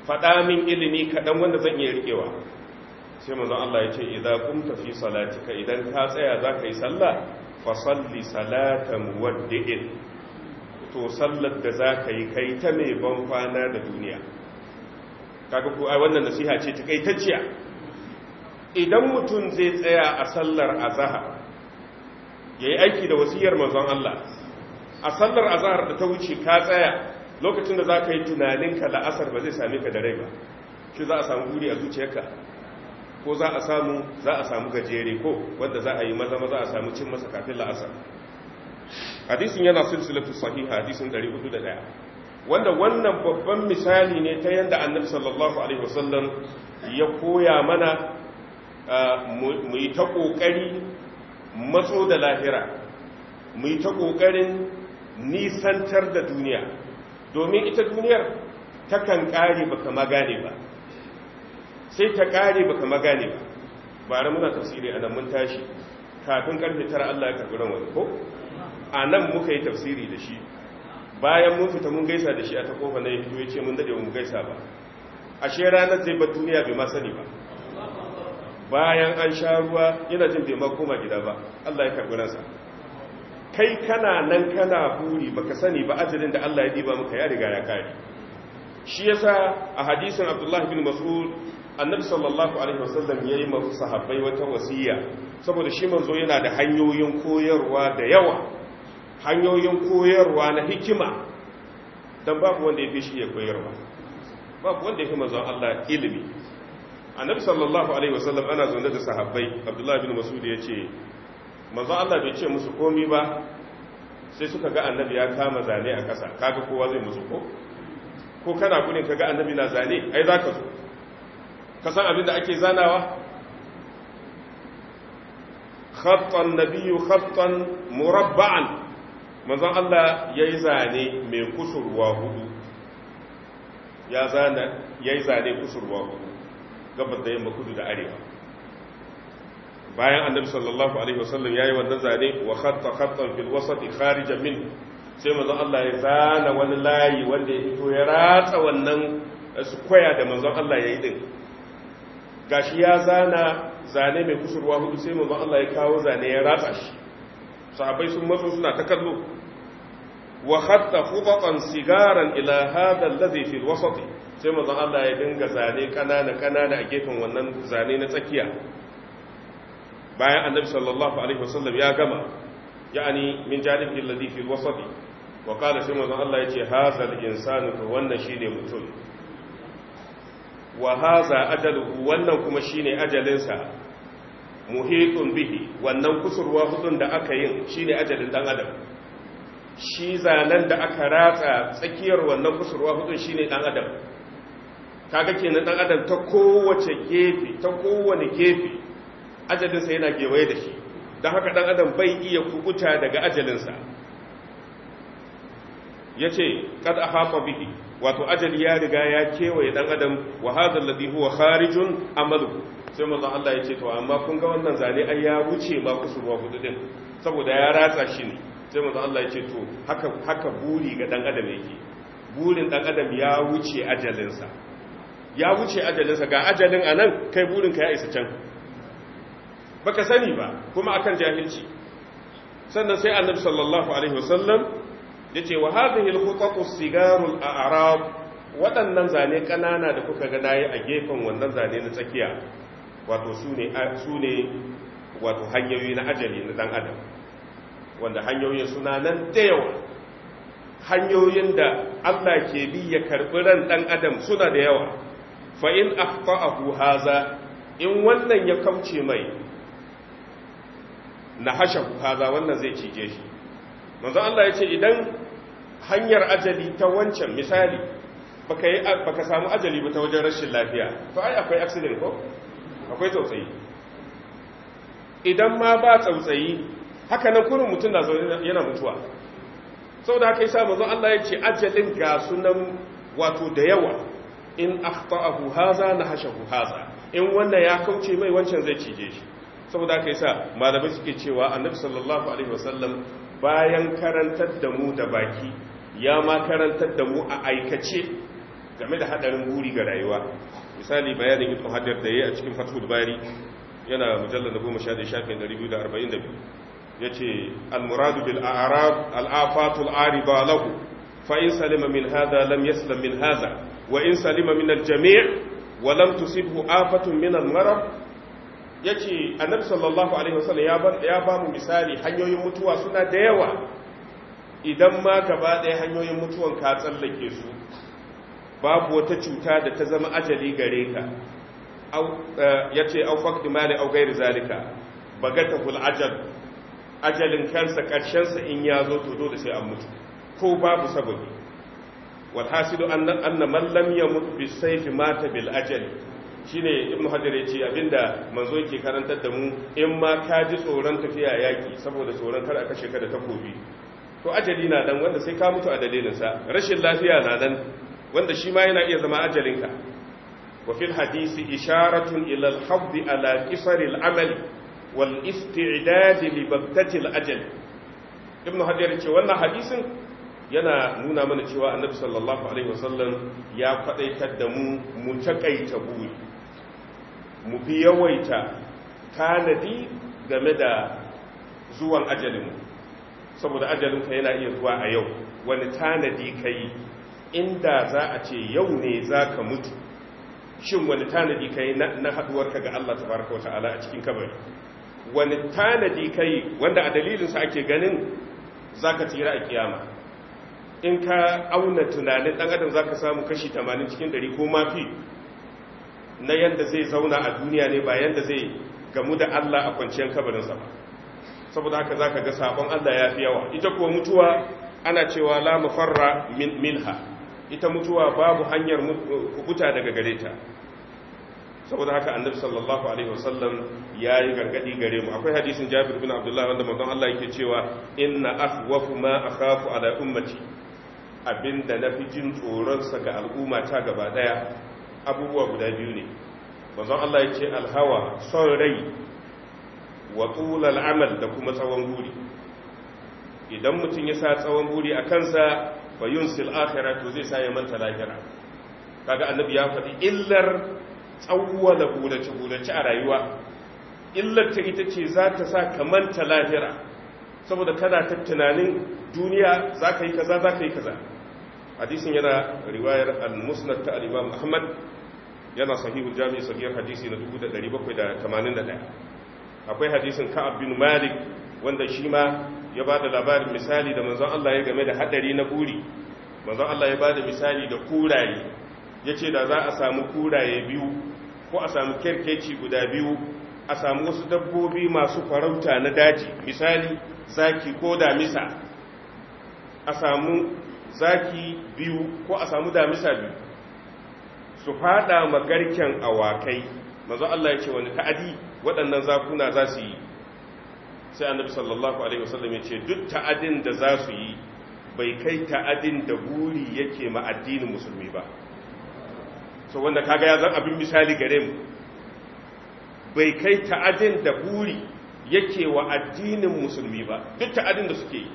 faɗa min ilimi kaɗan wanda zan iya riƙewa sai mazan Allah ya ce idan kumta fi salatika idan ka tsaya za ka yi sallah fasalli salatan waddi'in to sallar da za ka yi kai ta mai ban kwana da duniya kaga ko ai wannan nasiha ce ta kaitacciya idan mutum zai tsaya a sallar azhar yayi aiki da wasiyar manzon Allah a sallar azahar da ta wuce ka tsaya lokacin da za ka yi tunaninka la'asar ba zai same ka da rai ba shi za a samu guri a zuciyarka ko za a samu za a samu gajere ko wanda za a yi maza maza a samu cin masa kafin la'asar hadisin yana silsilatu sahiha hadisin 401 wanda wannan babban misali ne ta yanda annabi sallallahu alaihi wasallam ya koya mana mu yi ta kokari matso da lahira mu yi ta kokarin nisantar da duniya domin ita duniyar takan kare baka magane ba sai ta kare baka magane ba bare muna tafsiri a nan mun tashi kafin karfe tara Allah ya karbi wani ko a nan muka yi tafsiri da shi bayan mun fita mun gaisa da shi a ta kofa na yi ya ce mun dade mun gaisa ba ashe ranar zai bar duniya bai ma sani ba bayan an sha ruwa yana jin bai ma koma gida ba Allah ya karbi ransa kai kana nan kana buri baka sani ba ajalin da Allah ya diba maka ya riga ya kare shi yasa a hadisin Abdullah bin Mas'ud annabi sallallahu alaihi wasallam yayi ma sahabbai wata wasiya saboda shi manzo yana da hanyoyin koyarwa da yawa hanyoyin koyarwa na hikima dan babu wanda ya fi shi ya koyarwa babu wanda ya fi manzon Allah ilimi annabi sallallahu alaihi wasallam ana zaune da sahabbai Abdullah bin Mas'ud yace manzo Allah bai ce musu komi ba sai suka ga annabi ya kama zane a ƙasa kaga kowa zai musu ko ko kana gudun kaga annabi na zane ai zaka zo ka san abin da ake zanawa khattan nabiyyu khattan murabba'an manzo Allah yayi zane mai kusurwa hudu ya zana yayi zane kusurwa hudu gabar da yamma kudu da arewa bayan annabi sallallahu alaihi wasallam yayi wannan zane wa khatta khattan fil wasati kharijan min sai manzon Allah ya zana wani layi wanda ya fito ya ratsa wannan square da manzon Allah yayi din gashi ya zana zane mai kusurwa hudu sai manzon Allah ya kawo zane ya ratsa shi sahabbai sun matso suna ta kallo wa khatta khutatan sigaran ila hada alladhi fil wasati sai manzon Allah ya dinga zane kanana kanana a gefen wannan zane na tsakiya bayan annabi sallallahu alaihi wasallam ya gama ya'ani min jalibi alladhi fi alwasati wa qala sai manzo Allah yace haza al-insanu to wannan shine mutum wa haza ajaluhu wannan kuma shine ajalinsa muhitun bihi wannan kusurwa hudun da aka yin shine ajalin dan adam shi zanen da aka ratsa tsakiyar wannan kusurwa hudun shine dan adam kaga kenan dan adam ta kowace gefe ta kowane gefe ajalinsa yana kewaye da shi don haka ɗan adam bai iya kukuta daga ajalinsa ya ce ƙad a hafa biki wato ajali ya riga ya kewaye ɗan adam wa hazar ladi huwa kharijun amalu sai mazan Allah ya ce to amma kun ga wannan zane an ya wuce kusa kusurwa hudu din saboda ya ratsa shi ne sai mazan Allah ya ce to haka buri ga ɗan adam yake burin ɗan adam ya wuce ajalinsa ya wuce ajalinsa ga ajalin a nan kai burinka ya isa can baka sani ba kuma akan jahilci sannan sai annabi sallallahu alaihi wasallam yace wa hadhihi al-khutaqu sigarul a'rab waɗannan zane kanana da kuka ga dai a gefen wannan zane na tsakiya wato sune sune wato hanyoyi na ajali na dan adam wanda hanyoyin suna nan da yawa hanyoyin da Allah ke bi ya karbi ran dan adam suna da yawa fa in akhta'ahu haza in wannan ya kauce mai na hashahu haza wannan zai cije shi manzo Allah ya ce idan hanyar ajali ta wancan misali baka yi baka samu ajali ba ta wajen rashin lafiya to ai akwai accident ko akwai tsautsayi idan ma ba tsautsayi haka nan kurin mutum na zaune yana mutuwa saboda haka yasa manzo Allah ya ce ajalin ga sunan wato da yawa in akhta'ahu haza hashahu haza in wannan ya kauce mai wancan zai cije shi saboda yi sa malamai suke cewa annabi sallallahu alaihi wasallam bayan karantar da mu da baki ya ma karantar da mu a aikace game da hadarin buri ga rayuwa misali bayanin ibn hadar da yayi a cikin fathul bari yana mujallal 11 shafin 242 yace al-murad bil a'rab al-afatul ariba lahu fa in salima min hadha lam yaslam min hadha wa in salima min al-jami' wa lam tusibhu afatun min al-marad ya ce annabi sallallahu alaihi wasallam ya ba mu misali hanyoyin mutuwa suna da yawa idan ma gaba ɗaya hanyoyin mutuwan ka tsallake su babu wata cuta da ta zama ajali gare ka eh, ya ce au faƙi mali au gairi zalika bagata kul ajal ajalin kansa ƙarshensa in ya zo to dole sai an mutu ko babu sababi hasidu anna man lam yamut bi mata bil ajali shine ibnu ya ce abinda manzo ke karantar da mu in ma ka ji tsoron tafiya yaki saboda tsoron kar a kashe ka da takobi to ajali na dan wanda sai ka mutu a dalilin sa rashin lafiya na dan wanda shi ma yana iya zama ajalinka wa fil hadisi isharatun ila al-hadd ala qisar al-amal wal isti'dad li baktati al-ajal ibnu ce wannan hadisin yana nuna mana cewa annabi sallallahu alaihi wasallam ya faɗaitar da mu mu takaita buri mu fi yawaita tanadi game da zuwan ajalinmu saboda ajalinka yana iya zuwa a yau wani tanadi ka yi inda za a ce yau ne za ka mutu shin wani tanadi ka yi na haduwarka ga Allah tabaraka wata'ala a cikin kabari wani tanadi ka yi wanda a dalilinsa ake ganin za ka tsira a kiyama in ka auna tunanin ɗan adam za ka samu kashi 80 cikin 100 ko mafi na yadda zai zauna a duniya ne ba yadda zai gamu da Allah a kwanciyar kabarinsa ba saboda haka za ka ga sabon Allah ya fi yawa ita kuwa mutuwa ana cewa la mafarra min minha ita mutuwa babu hanyar hukuta daga gare ta saboda haka annabi sallallahu alaihi wasallam yi gargadi gare mu akwai hadisin Jabir bin Abdullah wanda manzon Allah yake cewa inna akhwafu ma akhafu ala ummati abinda nafi jin tsoron sa ga al'umma ta gaba daya abubuwa guda biyu ne manzon Allah ya ce alhawa son rai wa tulal amal da kuma tsawon buri. idan mutum ya sa tsawon buri a kansa fa yunsil akhirah to zai sa ya manta lahira kaga annabi ya faɗi illar tsawwa da gulace gulace a rayuwa illar ta ita ce za ta sa ka manta lahira saboda kana ta tunanin duniya za ka yi kaza za ka yi kaza hadisin yana riwayar al-musnad ta al-imam ahmad yana sahihul jami'i sahihar hadisi na 1781 akwai hadisin ka bin malik wanda shi ma ya bada labarin misali da manzon Allah ya game da hadari na buri manzon Allah ya bada misali da kuraye yace da za a samu kuraye biyu ko a samu kerkeci guda biyu a samu wasu dabbobi masu farauta na daji misali zaki ko damisa a samu zaki biyu ko a samu damisa biyu su fada magarken awakai mazo Allah ya ce wani ta'adi waɗannan zakuna za su yi sai annabi sallallahu alaihi wasallam ya ce duk ta'adin da za su yi bai kai ta'adin da guri yake ma addinin musulmi ba so wanda kaga ya zan abin misali gare mu bai kai ta'adin da guri yake wa addinin musulmi ba duk ta'adin da suke yi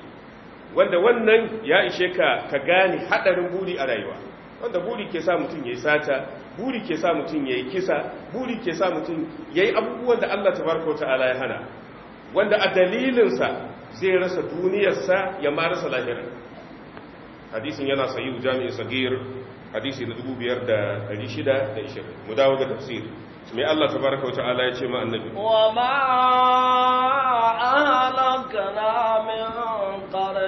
wanda wannan ya ishe ka ka gane hadarin buri a rayuwa wanda buri ke sa mutum yayi sata buri ke sa mutum yayi kisa buri ke sa mutum yayi abubuwan da Allah tabaraka ta'ala ya hana wanda a dalilin sa zai rasa duniyarsa ya ma rasa lahira hadisin yana sahih jami'in sagir hadisi na 5620 mu dawo ga tafsir mai Allah tabaraka wata'ala ya ce ma annabi wa ma ahlakana min qara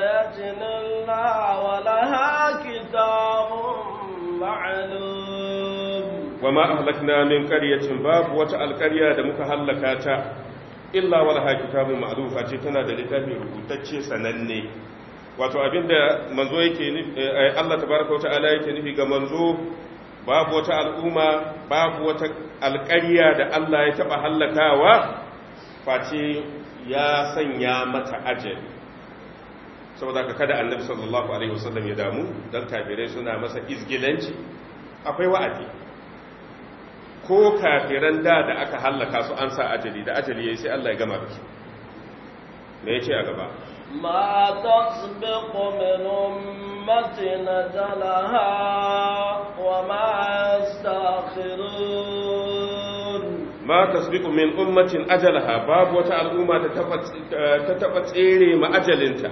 fama ahlakna min qaryatin babu wata alqarya da muka hallaka ta illa wal hakitabu ma'rufa ce tana da littafin rubutacce sananne wato abinda manzo yake nufi eh, Allah tabaraka wa ta'ala yake nufi ga manzo babu wata al'umma babu wata alqarya da Allah ya taba hallakawa face ya sanya mata ajali saboda ka kada annabi sallallahu alaihi wasallam ya damu don tabirai suna masa izgilanci akwai wa'adi ko kafiran da da aka hallaka su an sa ajali da ajali yayi sai Allah ya gama da su me yace a gaba ma tasbiqu min ummatin ajalaha wa ma yastakhirun ma tasbiqu min ummatin ajalaha babu wata al'umma ta taba eh, tsere ma ajalinta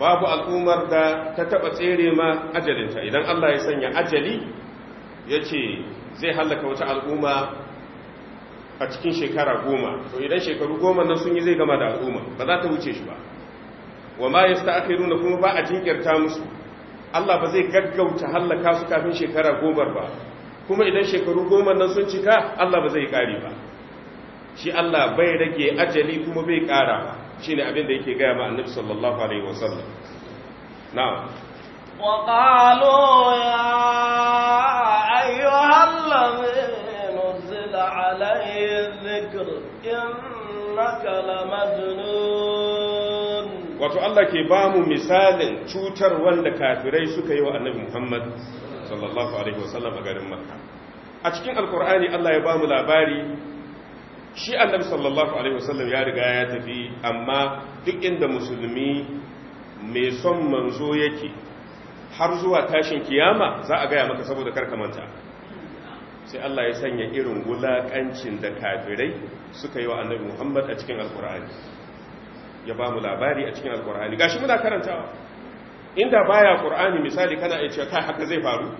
babu al'ummar da ta taba tsere ma ajalinta idan Allah ya sanya ajali yace zai hallaka wata al'umma a cikin shekara goma to idan shekaru goma nan sun yi zai gama da al'umma ba za ta wuce shi ba wa ma yasta aka yi nuna kuma ba a jinkirta musu Allah ba zai gaggauta hallaka su kafin shekara goma ba kuma idan shekaru goma nan sun cika Allah ba zai kare ba shi Allah bai rage ajali kuma bai kara ba shine abin da yake gaya ma annabi sallallahu alaihi wasallam na'am وقالوا يا أيها الذي نزل عليه الذكر إنك لمجنون wato Allah ke ba mu misalin cutar wanda kafirai suka yi wa annabi Muhammad sallallahu القرآن a garin لاباري a cikin alkur'ani Allah ya ba mu shi annabi sallallahu alaihi wasallam ya riga ya tafi amma duk inda musulmi mai son manzo yake har zuwa tashin kiyama za a gaya maka saboda karka manta sai Allah ya sanya irin wulakancin da kafirai suka yi wa annabi Muhammad a cikin alkur'ani ya ba mu labari a cikin alkur'ani gashi muna karantawa inda baya qur'ani misali kana iya cewa kai haka zai faru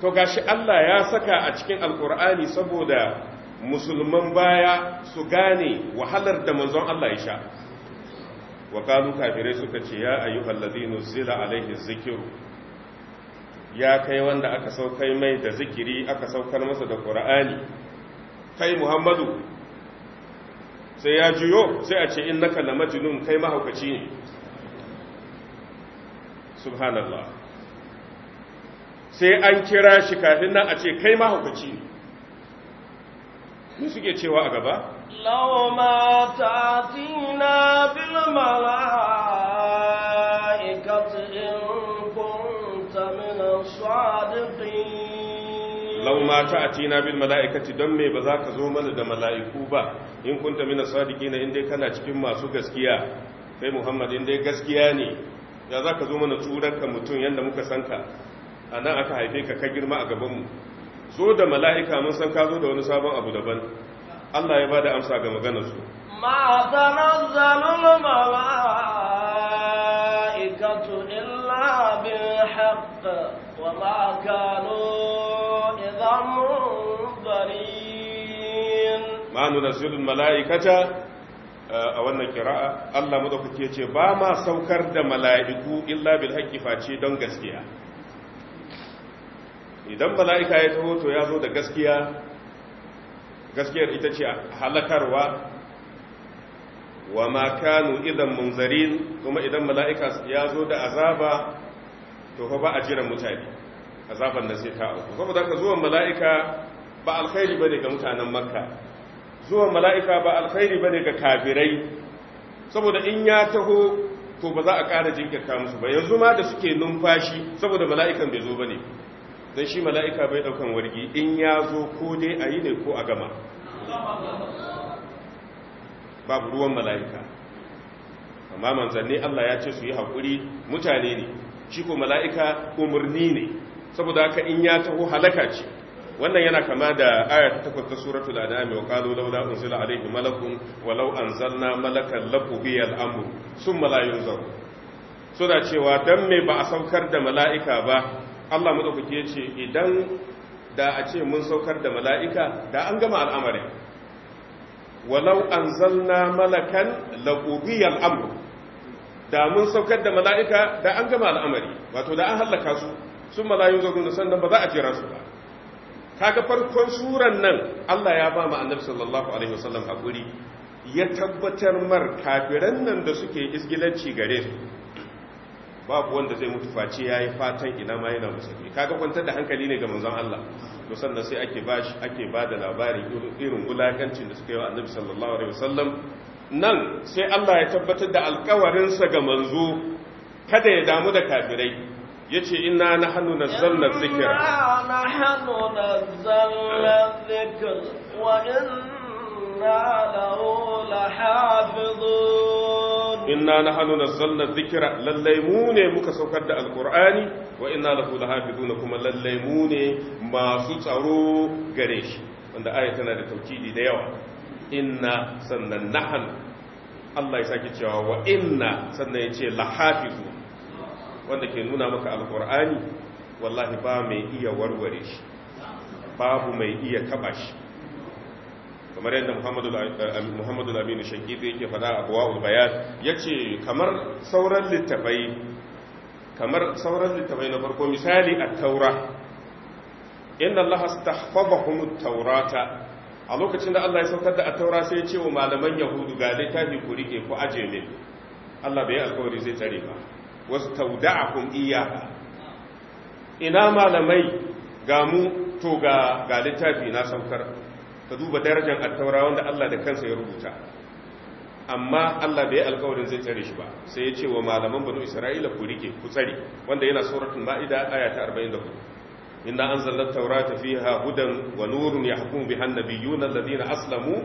to gashi Allah ya saka a cikin alkur'ani saboda musulman baya su gane wahalar da manzon Allah ya sha wa kalu kafirai suka ce ya ayyuhal ladhina zila alaihi zikiru. ya kai wanda aka saukai mai da zikiri aka saukar masa da qur'ani kai muhammadu sai ya juyo sai a ce innaka la majnun kai mahaukaci ne subhanallah sai an kira shi kafin nan a ce kai mahaukaci ne ne suke cewa a gaba لو ما تأتينا بالملائكة إن كنت من الصادقين ba ما تأتينا بالملائكة دمي بذاك زومن دا ملائكوبا إن كنت من الصادقين إن دي كان cikin masu gaskiya Sai Muhammad in dai gaskiya ne da zaka zo mana tsuranka mutum yanda muka sanka anan aka haife ka ka girma a gabanmu. mu so da mala'ika mun san ka zo da wani sabon abu daban Allah ya ba da amsa ga maganarsu. su ma tanazzalul malaikatu illa bil haqq wa ma kanu idan ma nunazzilul malaikata eh, a wannan kira'a Allah madaukake ce ba ma saukar da mala'iku illa bil haqqi face don gaskiya idan mala'ika ya taho to ya zo da gaskiya gaskiyar ita ce halakarwa wa ma kanu idan munzarin kuma idan mala'ika ya zo da azaba to ba a jiran mutane azaban da sai ta auku saboda ka zuwan mala'ika ba alkhairi bane ga mutanen makka zuwan mala'ika ba alkhairi bane ga kafirai saboda in ya taho to ba za a ƙara jinkirta musu ba yanzu ma da suke numfashi saboda mala'ikan bai zo bane don shi mala'ika bai ɗaukan wargi in ya zo ko dai a yi ne ko a gama babu ruwan mala'ika amma manzanni Allah ya ce su yi haƙuri mutane ne shi ko mala'ika umarni ne saboda haka in ya taho halaka ce wannan yana kama da ayat takwas ta suratul anami wa qalu laula unzila alayhi malakun walau anzalna malakan laqubi al-amr summa la yunzar suna cewa dan me ba a saukar da mala'ika ba Allah madaukaki ya ce idan da a ce mun saukar da mala'ika da an gama al'amari walau an zanna malakan laƙubiyar al’amur da mun saukar da mala'ika da an gama al'amari wato da an hallaka su sun malayin zagun da sannan ba za a jira su ba ga farkon suran nan Allah ya ba annabi sallallahu alaihi wasallam haƙuri ya tabbatar mar kafiran nan da suke isgilanci gare su babu wanda zai mutu face yayi fatan ina ma yana musulmi kaga kwantar da hankali ne ga manzon Allah to sannan sai ake bashi ake bada labarin irin wulakancin da suka yi wa Annabi sallallahu alaihi wasallam nan sai Allah ya tabbatar da alkawarinsa ga manzo kada ya damu da kafirai yace inna nahnu nazzalna dhikra nahnu nazzalna dhikra wa inna inna nahnu nazzalna dhikra lallai mu ne muka saukar da alqur'ani wa inna lahu lahafizun kuma lallai mu ne masu tsaro gare shi wanda ayat tana da taukidi da yawa inna sannan nahnu Allah ya saki cewa wa inna sannan yace lahafizun wanda ke nuna maka alqur'ani wallahi ba mai iya warware shi babu mai iya taba shi kamar yadda muhammadu eh, aminu shakiti yake fada a buwa bayan ya ce kamar sauran littafai kamar sauran littafai na farko misali a taura inda allaha kuma taurata a lokacin da allah ya saukar da a taura sai ce wa malaman yahudu ga littafi ku rike ku aje ne allah bai alkawari zai tare ba wasu tauda'akum iya ina malamai ga mu to ga littafi na saukar ka duba darajar attaura wanda Allah da kansa ya rubuta amma Allah bai alkawarin zai tsare shi ba sai ya ce wa malaman banu Isra'ila ku rike ku tsare wanda yana suratul ma'ida aya ta 44 inna anzalna at fiha hudan wa nurun yahkumu biha an-nabiyyuna alladhina aslamu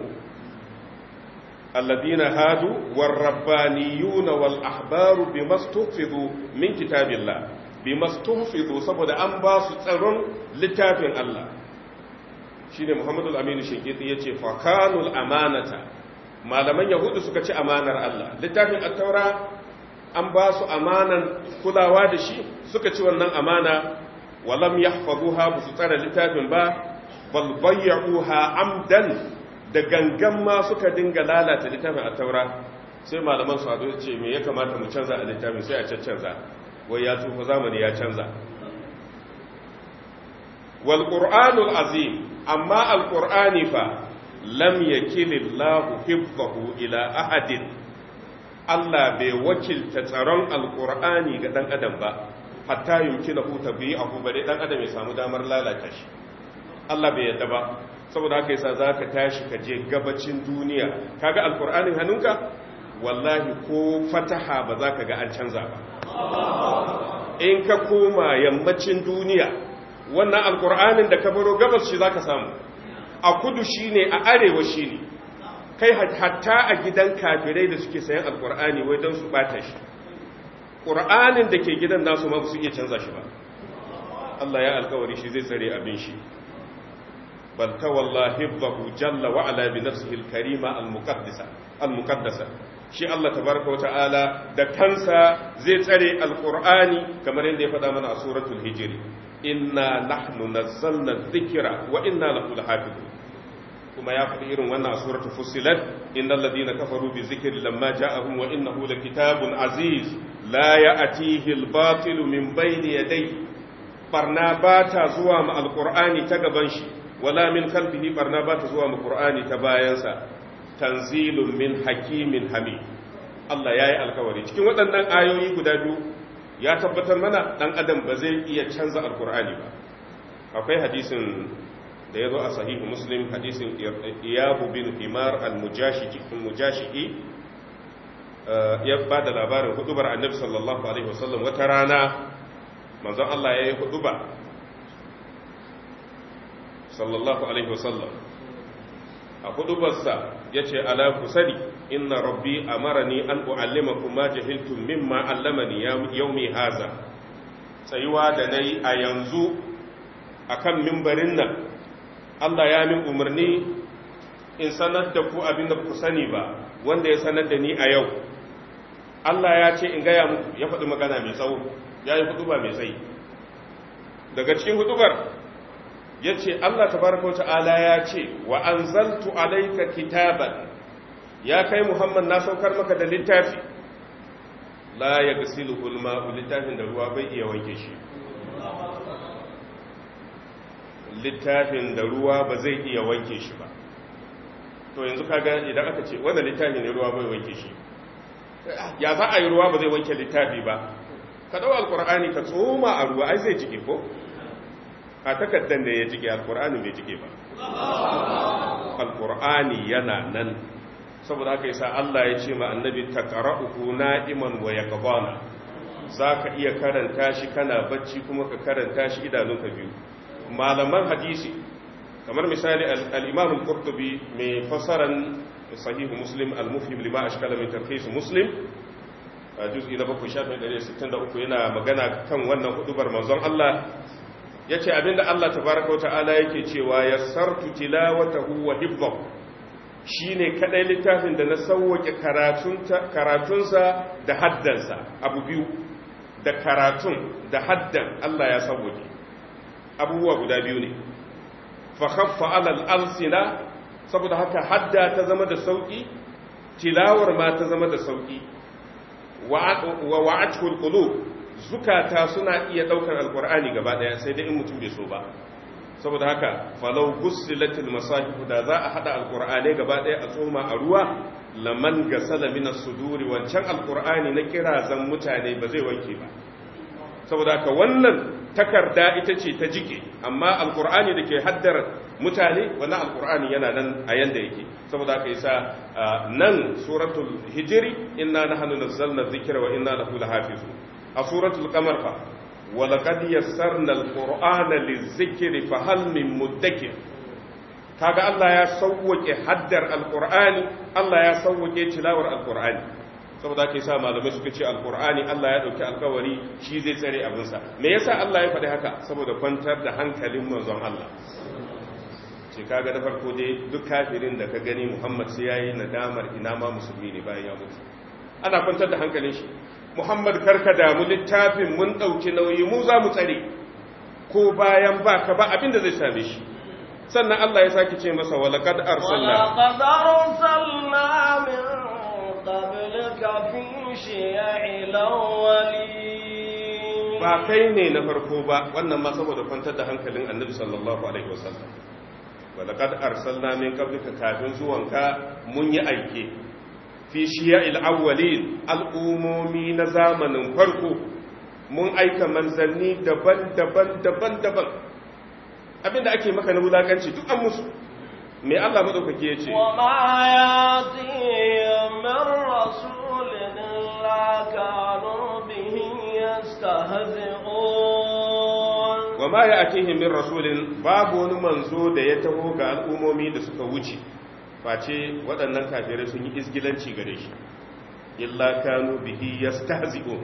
الذين هادوا والربانيون والأحبار بما استحفظوا min كتاب الله بما saboda an أن باسوا tsaron littafin Allah. shine muhammadu aminu shingiti ya ce fakanul amanata malaman yahudu suka ci amanar allah littafin taura an ba su amanan kulawa da shi suka ci wannan amana walam yahfazuha ba su tsara littafin ba bal bayyaquha amdan da gangan ma suka dinga lalata littafin taura sai malaman su hadu ce me ya kamata mu canza a littafin sai a cancanza wai ya tsufa zamani ya canza wal azim amma al fa lam yakilillahu hibbahu ila ahadin Allah bai wakilta tsaron alqur'ani ga dan adam ba hatta yumkinahu tabi'ahu bare ɗan adam ya samu damar lalata shi Allah bai yadda ba saboda haka yasa zaka tashi ka je gabacin duniya ka ga alqur'anin hannunka wallahi ko fataha ba za ka ga an canza ba in ka koma yammacin duniya wannan alkur'anin da ka baro gabas shi ka samu a kudu shine a arewa shine kai hatta a gidan kafirai da suke sayan alkur'ani wai don su bata shi ƙur'anin da ke gidan nasu ma su iya canza shi ba Allah ya alkawari shi zai tsare abin shi bal tawallahi bahu jalla wa ala bi nafsihi alkarima almuqaddasa shi Allah tabaraka wa ta'ala da kansa zai tsare alkur'ani kamar yadda ya faɗa mana a suratul hijri inna nahnu nazzalna dhikra wa inna lahu lahafizun kuma ya faɗi irin wannan a suratul fussilat innal ladina kafaru bi dhikri lamma ja'ahum wa innahu lakitabun aziz la ya'tihi al-batil min bayni yadayhi barna ba ta zuwa ma alqur'ani ta gaban shi wala min kalbihi barna ba ta zuwa ma qur'ani ta bayansa tanzilun min hakimin hamid Allah ya yi alkawari cikin waɗannan ayoyi guda biyu ya tabbatar mana dan adam ba zai iya canza alkur'ani ba akwai hadisin da ya zo a sahihu muslim hadisin iyabu bin himar al-mujashi'i eh, ya ba da labarin hudubar annabi sallallahu alaihi wasallam wata rana manzon Allah ya yi huduba sallallahu alaihi wasallam a hudubarsa ya ce ala ku sani inna rabbi amarani an u'allimakum ma jahiltum mimma allamani yawmi haza tsayuwa da nayi a yanzu akan mimbarin nan Allah ya min umarni in sanar da ku abin da ku sani ba wanda ya sanar da ni a yau Allah ya ce in gaya muku ya faɗi magana mai tsawo ya yi hutuba mai tsayi daga cikin huɗubar ya ce Allah Ta wa ta'ala ya ce wa anzaltu alayka kitaban ya kai muhammad na saukar maka da littafi la ya gasilu hulma littafin da ruwa bai iya wanke shi littafin da ruwa ba zai iya wanke shi ba to yanzu kaga idan aka ce wanda littafi ne ruwa bai wanke shi ya za a yi ruwa ba zai wanke littafi ba ka ɗau alƙur'ani ka tsoma a ruwa ai zai jike ko a takardar da ya jike alƙur'ani bai jike ba alƙur'ani yana nan saboda haka yasa Allah ya ce ma annabi taqra'uhu na'iman wa yaqbana zaka iya karanta shi kana bacci kuma ka karanta shi idanunka biyu malaman hadisi kamar misali al-Imam al-Qurtubi mai fasaran sahih Muslim al-Mufhim lima ashkala min tarhis Muslim juz'i na 763 yana magana kan wannan hudubar manzon Allah yace abinda Allah tabaaraka wa ta'ala yake cewa yassartu tilawatahu wa hibbahu shi ne kaɗai littafin da na sauwake karatunsa da haddansa abu biyu da karatun da haddan Allah ya sauwake abubuwa guda biyu ne fahaffa alal alsina saboda haka hadda ta zama da sauƙi tilawar ma ta zama da sauƙi wa wa'atul qulub zukata suna iya daukar alqur'ani gaba daya sai dai in mutum bai so ba saboda haka falau gusilatil masahifu da za a hada alqur'ani gaba daya a tsoma a ruwa laman gasala min as-suduri wancan alqur'ani na kirazan mutane ba zai wanke ba saboda haka wannan takarda ita ce ta jike amma alqur'ani da ke haddar mutane wannan alqur'ani yana nan a yanda yake saboda haka yasa nan suratul hijri inna nahnu nazzalna dhikra wa inna lahu lahafizun a suratul qamar fa walaqad yassarna alqur'ana lizikri fahal min muddakir kaga Allah ya sauwake haddar alqur'ani Allah ya sauwake tilawar alqur'ani saboda kai sa malamai suka ce alqur'ani Allah ya dauki alkawari shi zai tsare abin sa me yasa Allah ya faɗi haka saboda kwantar da hankalin manzon Allah ce kaga da farko dai duk kafirin da ka gani Muhammad sai yayi nadamar ina ma musulmi ne bayan ya mutu ana kwantar da hankalin shi muhammad karka damu littafin mun ɗauki nauyi mu za mu tsare ko bayan baka ba abinda zai same shi sannan Allah ya sake ce masa walaqad arsalna walaqad arsalna min qablika fi shi'il awwalin ba kai ne na farko ba wannan ma saboda kwantar da hankalin annabi sallallahu alaihi wasallam walaqad arsalna min qablika kafin zuwanka mun yi aike fi shiya awwalin al'umomi na zamanin farko mun aika manzanni daban-daban daban-daban abinda ake maka na wulaƙanci duk an musu mai Allah ya yace wa ma ya min rasulin la min rasulin babu wani manzo da ya taho ga al'umomi da suka wuce face waɗannan kafirai sun yi izgilanci gare shi illa kanu bihi yastahzi'un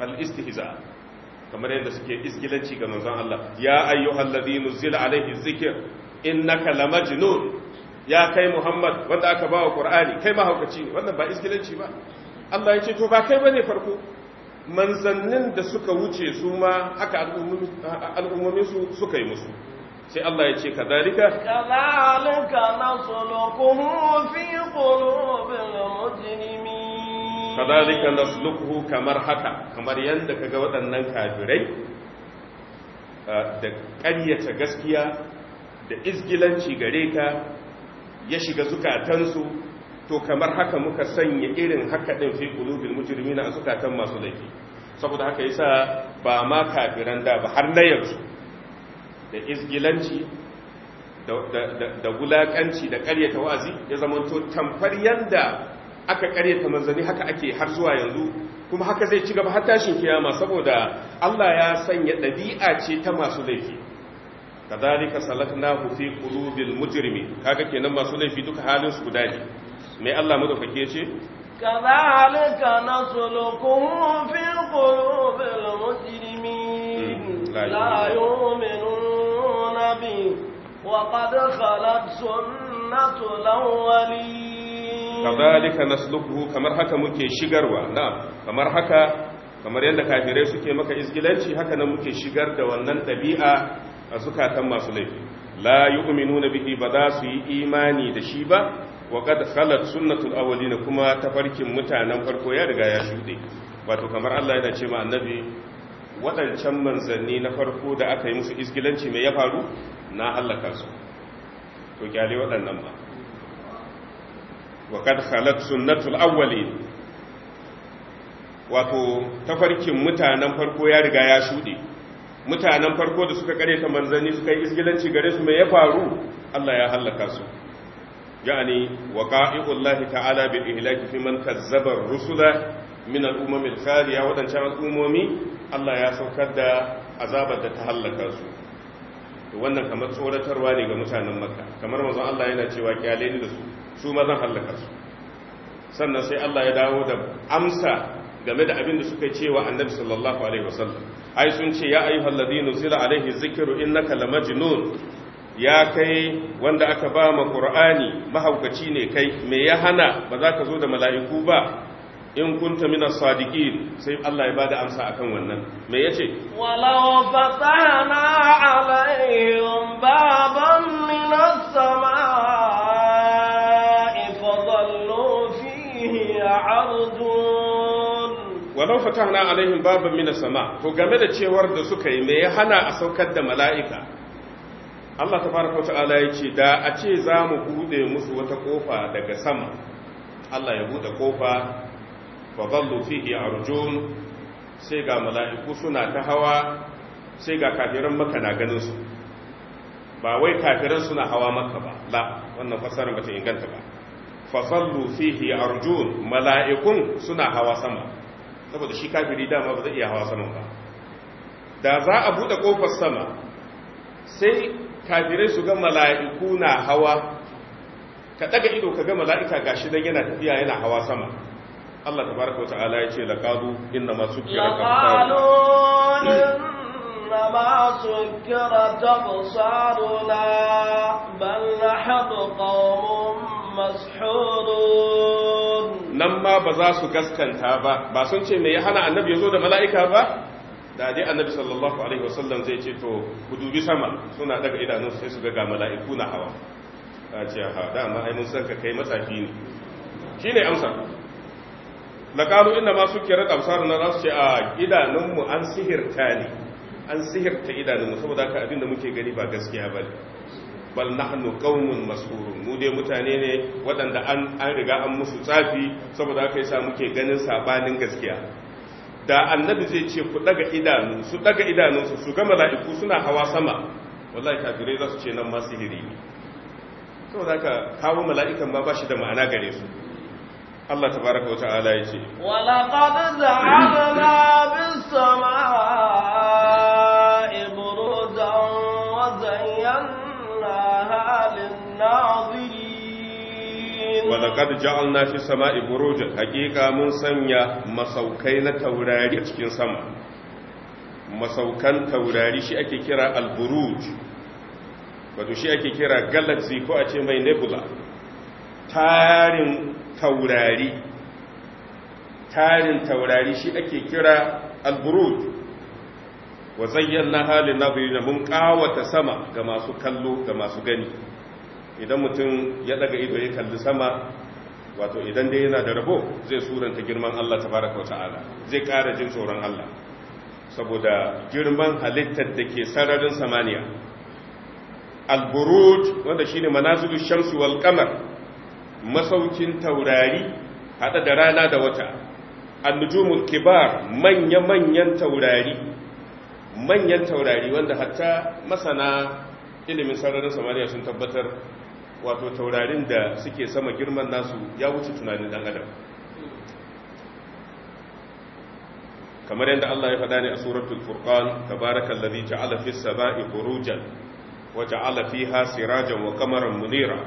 al-istihza kamar yadda suke izgilanci ga manzon Allah ya ayyuhal ladhi nuzila alayhi dhikr innaka lamajnun ya kai Muhammad wanda aka ba wa Qur'ani kai mahaukaci wannan ba izgilanci ba Allah ya ce to ba kai bane farko manzannin da suka wuce su ma haka al'ummomin su suka yi musu sai Allah ya ce kadhalika kadhalika nasluquhu fi qulubil mujrimin kamar haka kamar yanda kaga waɗannan kafirai da ƙaryata gaskiya da izgilanci gare ka ya shiga zukatansu to kamar haka muka sanya irin haka ɗin fi qulubil mujrimina a zukatan masu laifi saboda haka yasa ba ma kafiran da ba har na yanzu da izgilanci da gulaƙanci da karyata wa'azi ya zamanto tamfar yadda aka karyata manzanni haka ake har zuwa yanzu kuma haka zai ci gaba har tashin kiyama saboda Allah ya sanya ɗabi'a ce ta masu laifi kadhalika salaknahu fi qulubil mujrimin kaga kenan masu laifi duka halin su guda ne mai Allah madaukake ce كذلك نسلكه في قلوب المجرمين لا يؤمنون النبي وقد خلت سنة الأولين كذلك نسلكه كما حكى مكي kamar yadda kafirai suke maka izgilanci haka nan muke shigar da wannan ɗabi'a a zukatan masu laifi la yu'minu na bihi ba za su yi imani da shi ba wa qad khalat sunnatul awwalin kuma tafarkin mutanen farko ya riga ya shude wato kamar Allah yana ce annabi waɗancan manzanni na farko da aka yi musu isgilanci mai ya faru na hallaka su to kyale waɗannan ba wa kad khalat sunnatul awwalin wato tafarkin mutanen farko ya riga ya shuɗe mutanen farko da suka kare ta manzanni suka yi isgilanci gare su mai ya faru Allah ya hallaka su yani waqa'i'ullahi ta'ala bil ihlaki fi man kazzaba rusula min al'ummamin kariya waɗancan al'ummomi Allah ya saukar da azabar da ta hallaka su wannan kamar tsoratarwa ne ga mutanen maka kamar mazan Allah yana cewa kyale ni da su su ma zan hallaka su sannan sai Allah ya dawo da amsa game da abin da suka ce wa annabi sallallahu alaihi wasallam ai sun ce ya ayyuhal ladina zila alaihi zikru innaka lamajnun ya kai wanda aka ba ma qur'ani mahaukaci ne kai me ya hana ba za ka zo da mala'iku ba in kunta mina sadiqin sai Allah ya bada amsa akan wannan me yace walau fatahna alaihim baban as samaa'i dhallu fihi ya'rudun walau fatahna alaihim baban as sama to game da cewar da suka yi me ya hana a saukar da mala'ika Allah tabaraka ta'ala yace da a ce za mu bude musu wata kofa daga sama Allah ya bude kofa wa zallu fihi arjun sai ga mala'iku suna ta hawa sai ga kafiran maka na ganin su ba wai kafiran suna hawa maka ba la wannan fasarar bata inganta ba fa sallu fihi arjun mala'ikun suna hawa sama saboda shi kafiri dama ba zai iya hawa sama ba da za a bude kofar sama sai kafirai su ga mala'iku na hawa ka daga ido ka ga mala'ika gashi dan yana tafiya yana hawa sama Allah tabaraka wata'ala ya ce laqalu inna ma inna ma sukkirat absaruna bal qawmun mashhurun nan ma ba za su gaskanta ba ba sun ce mai ya hana annabi yazo da mala'ika ba da dai annabi sallallahu alaihi wasallam zai ce to ku dubi sama suna daga idanun sai su ga ga mala'iku na hawa ta ce ha dama ai mun san ka kai matsafi ne shine amsa kalu inda masu kira amsar na za su ce a idanunmu an sihirta ne an sihirta idanunmu saboda ka abinda muke gani ba gaskiya ba ne bal nahnu masu wurin mu dai mutane ne waɗanda an riga an musu tsafi saboda ka isa muke ganin sabanin gaskiya da annabi zai ce ku daga idanu su daga idanu su su ga mala'iku suna hawa sama wallahi kafirai za su ce nan ma sihiri ne saboda haka kawo mala'ikan ma ba shi da ma'ana gare su Allah tabaraka wata'ala yace walaqad ja'alna bis samaa'i burujan wa zayyanaha lin-nazirin walaqad ja'alna fis samaa'i burujan haqiqa mun sanya masaukai na taurari a cikin sama masaukan taurari shi ake kira al-buruj wato shi ake kira galaxy ko a ce mai nebula tarin taurari tarin taurari shi ake kira Al-Burut. al-burud wa zayyana halin na mun kawata sama ga masu kallo ga masu gani idan mutum ya daga ido ya kalli sama wato idan dai yana da rabo zai suranta girman Allah tabaraka wata'ala zai ƙara jin tsoron Allah saboda girman halittar da ke sararin samaniya al al-burud wanda shine manazilu shamsi wal qamar masaukin taurari haɗa da rana da wata annujumul kibar manya-manyan taurari manyan taurari wanda hatta masana ilimin sararin samaniya sun tabbatar wato taurarin da suke sama girman nasu ya wuce tunanin dan adam kamar yadda Allah ya faɗa ne a suratul furqan tabarakal baraka ja'ala fis sama'i burujan wa ja'ala fiha sirajan wa qamaran munira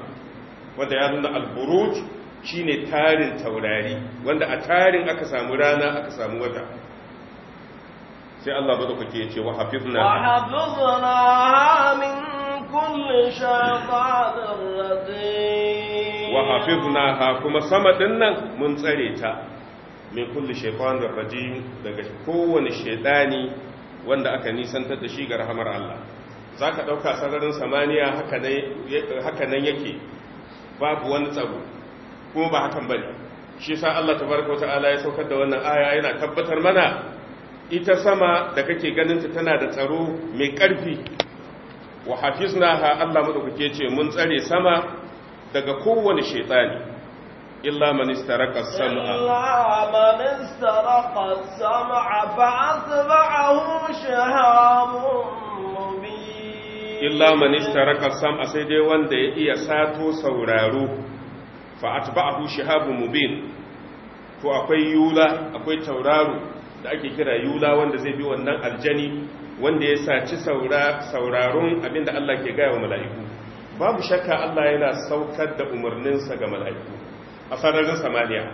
wanda ya nuna alburuj ne tarin taurari wanda a tarin aka samu rana aka samu wata sai Allah ba da ke ce wa hafizna wa hafizna min kulli shaytanir rajim ha kuma sama din nan mun tsare ta kulle kulli da rajim daga kowane shaytani wanda aka nisantar da shi ga rahamar Allah Za ka ɗauka sararin samaniya haka ne haka nan yake babu wani tsaro kuma ba hakan bane shi yasa Allah tabaraka ta'ala ya saukar da wannan aya yana tabbatar mana ita sama da kake ganin ta tana da tsaro mai karfi wa hafiznaha Allah madaukake ce mun tsare sama daga kowane shaytani illa man استرق sama. man illa man istaraka a sai dai wanda ya iya sato sauraro fa atba'ahu shihabun mubin to akwai yula akwai tauraro da ake kira yula wanda zai bi wannan aljani wanda ya saci sauraron abinda Allah ke gaya wa mala'iku babu shakka Allah yana saukar da umarninsa ga mala'iku a sararin samaniya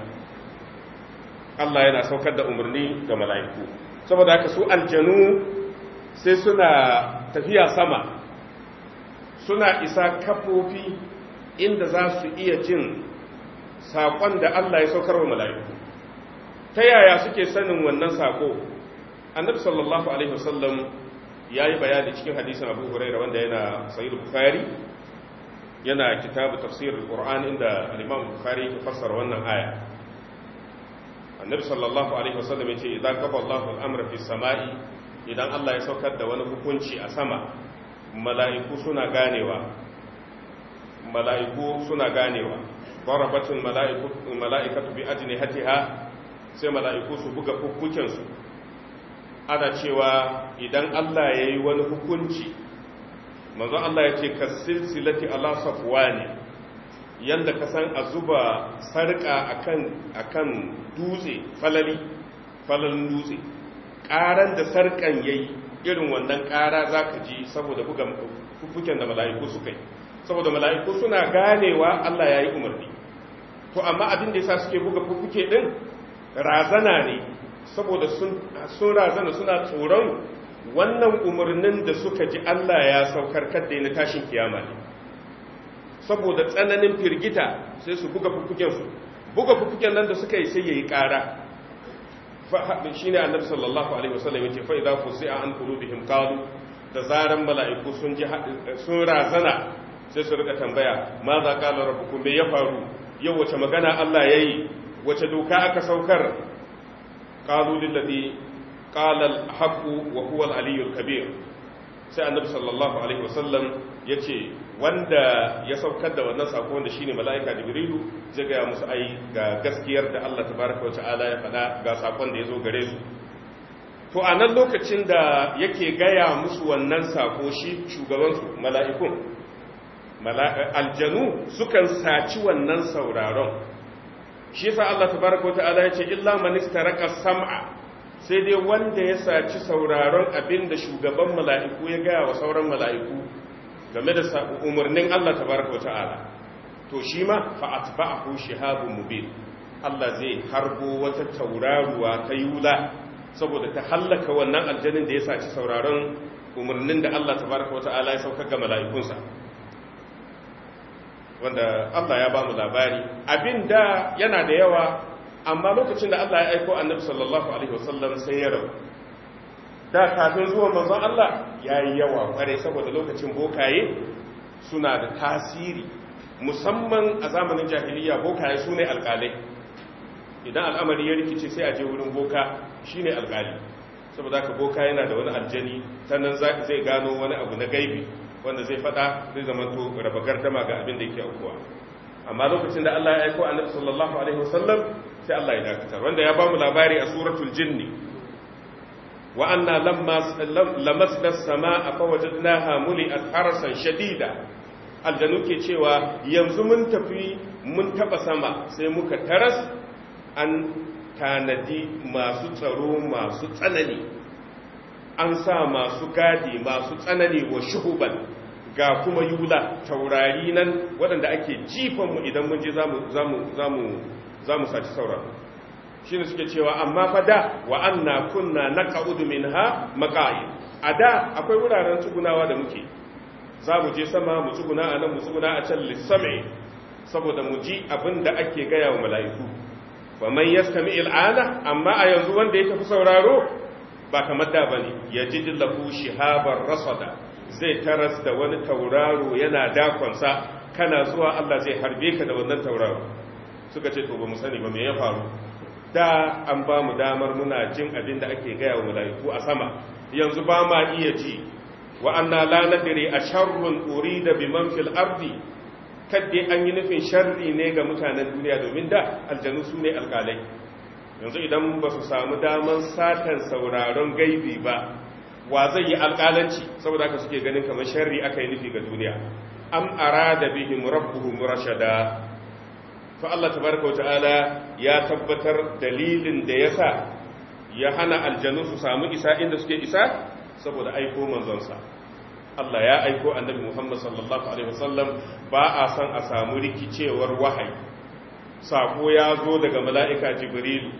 Allah yana saukar da umarni ga mala'iku saboda haka su aljanu sai suna tafiya sama suna isa kafofi inda za su iya jin saƙon da Allah ya saukar wa mala'iku ta yaya suke sanin wannan saƙo annabi sallallahu alaihi wasallam ya yi bayani cikin hadisin abu huraira wanda yana sayi bukhari yana kitabu tafsirin qur'an inda al-imam bukhari ya fassara wannan aya annabi sallallahu alaihi wasallam ce idan kafa Allahu fi samai idan Allah ya saukar da wani hukunci a sama mala'iku suna ganewa mala'iku suna ganewa barabatin mala'ikatu bi ajini hatiha sai mala'iku su buga hukukinsu ana cewa idan Allah ya yi wani hukunci manzo Allah ya ce ka silsilati ala safuwa ne yadda ka san a zuba sarƙa akan dutse falali falalin dutse ƙaran da sarƙan ya yi irin wannan ƙara za ka ji saboda buga da mala'iku suka yi saboda mala'iku suna ganewa Allah ya yi umarni to amma abin da ya sa suke buga fufuke ɗin razana ne saboda sun razana suna tsoron wannan umarnin da suka ji Allah ya saukar kadda na tashin kiyama ne saboda tsananin firgita sai su buga fufukensu buga fufuken nan da suka yi sai ya yi ƙara shi ne annabi sallallahu alaihi wasallam ya ce fa idza fusi'a an qulubihim qalu da zaran mala'iku sun ji sun razana sai su rika tambaya ma za qala rabbukum me ya faru yau wace magana Allah yayi wace doka aka saukar qalu lil ladhi qala al wa huwa al kabir sai annabi sallallahu alaihi wasallam yace wanda ya saukar da wannan sako wanda shine mala'ika jibrilu zai gaya musu ai ga gaskiyar da Allah tabaraka wa ta'ala ya faɗa ga sakon da ya zo gare su to a nan lokacin da yake gaya musu wannan sako shi shugaban su, mala'ikun aljanu sukan saci wannan sauraron shi sa Allah tabaraka wa ta'ala ya ce illa man istaraka sam'a sai dai wanda ya saci sauraron abinda shugaban mala'iku ya gaya wa sauran mala'iku game da umarnin Allah ta baraka wa ta'ala to shi ma fa atba'ahu mu mubin Allah zai harbo wata tauraruwa ta yula saboda ta hallaka wannan aljanin da ya saci sauraron umarnin da Allah ta baraka wa ta'ala ya saukar ga mala'ikunsa wanda Allah ya ba mu labari abin da yana da yawa amma lokacin da Allah ya aiko annabi sallallahu alaihi wasallam sai ya rabu da kafin zuwa manzon Allah ya yi yawa kware saboda lokacin bokaye suna da tasiri musamman a zamanin jahiliya bokaye su ne alkalai idan al'amari ya rikice sai a je wurin boka shi ne alkali saboda ka boka yana da wani aljani sannan zai gano wani abu na gaibi wanda zai fada zai zamanto raba gardama ga abin da yake aukuwa amma lokacin da Allah ya aiko annabi sallallahu alaihi wasallam sai Allah ya dakatar wanda ya ba mu labari a suratul jinni wa anna lamasna sama'a fa wajadnaha a harasan shadida aljanu ke cewa yanzu mun tafi mun taba sama sai muka taras an tanadi masu tsaro masu tsanani an sa masu gadi masu tsanani wa shuhuban ga kuma yula taurari nan waɗanda ake jifanmu idan mun je za mu saci sauraro shine suke cewa amma fada da wa anna kunna naqa'udu ha maqa'id a da akwai wuraren tsugunawa da muke za mu je sama mu tsuguna a nan mu tsuguna a can lissame saboda mu ji abin da ake gaya wa mala'iku fa man yastami il'ana amma a yanzu wanda ya tafi sauraro ba kamar da ba ne. ji yajidu habar shihabar rasada zai taras da wani tauraro yana dakonsa kana zuwa Allah zai harbe ka da wannan tauraro suka ce to ba mu sani ba me ya faru da an ba mu damar muna jin abin da ake gaya wa mala'iku a sama yanzu ba ma iya ji wa anna la nadri asharrun urida biman fil ardi kadde an yi nufin sharri ne ga mutanen duniya domin da aljanu su ne alkalai yanzu idan ba su samu damar satan sauraron gaibi ba wa zai yi alkalanci saboda haka suke ganin kamar sharri aka yi nufi ga duniya am arada bihim rabbuhum rashada fa Allah tabaraka wata'ala ya tabbatar dalilin da yasa ya hana aljanu su samu isa inda suke isa saboda aiko manzonsa Allah ya aiko annabi Muhammad sallallahu alaihi wasallam ba a san a samu rikicewar wahayi sako ya zo daga mala'ika jibrilu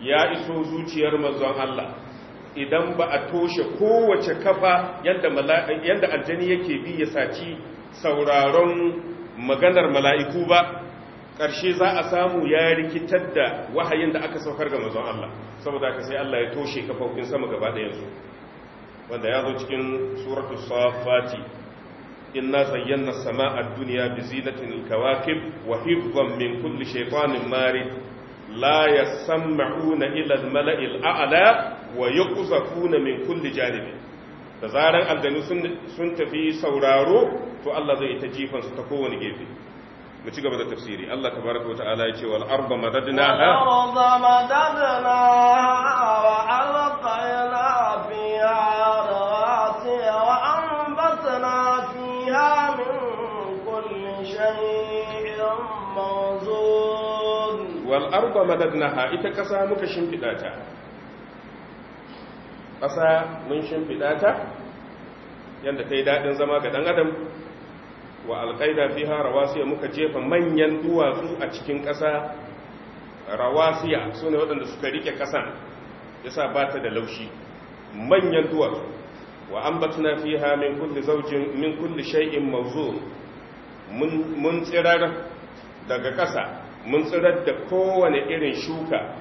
ya iso zuciyar manzon Allah idan ba a toshe kowace kafa yadda aljani yake bi ya saci sauraron maganar mala'iku ba ƙarshe za a samu ya rikitar da wahayin da aka saukar ga mazan Allah saboda aka sai Allah ya toshe kafofin sama gaba yanzu. wanda ya zo cikin suratu safati inna zayyana sama'a duniya bi zinatin kawakib wa hifzan min kulli shaytanin marid la yasma'una ila al ala wa yuqzafuna min kulli janibin da zaran aljanu sun tafi sauraro to Allah zai ta jifansu ta kowane gefe mu ci gaba da tafsiri Allah tabaraka wata'ala ya ce wal arda madadnaha wal arda madadnaha wa alqayna fiha rawasiya wa anbatna fiha min kulli shay'in mawzun wal arda madadnaha ita kasa muka shimfida ta kasa mun shimfida ta yanda ta yi daɗin zama ga ɗan adam wa alƙaida fi rawasiya muka jefa manyan duwatsu a cikin ƙasa rawasiya su ne waɗanda suka rike ƙasan yasa sa ba ta da laushi manyan duwatsu wa an batuna fi ha min kulli zaujin min kulli shay'in mun tsirar daga ƙasa mun tsirar da kowane irin shuka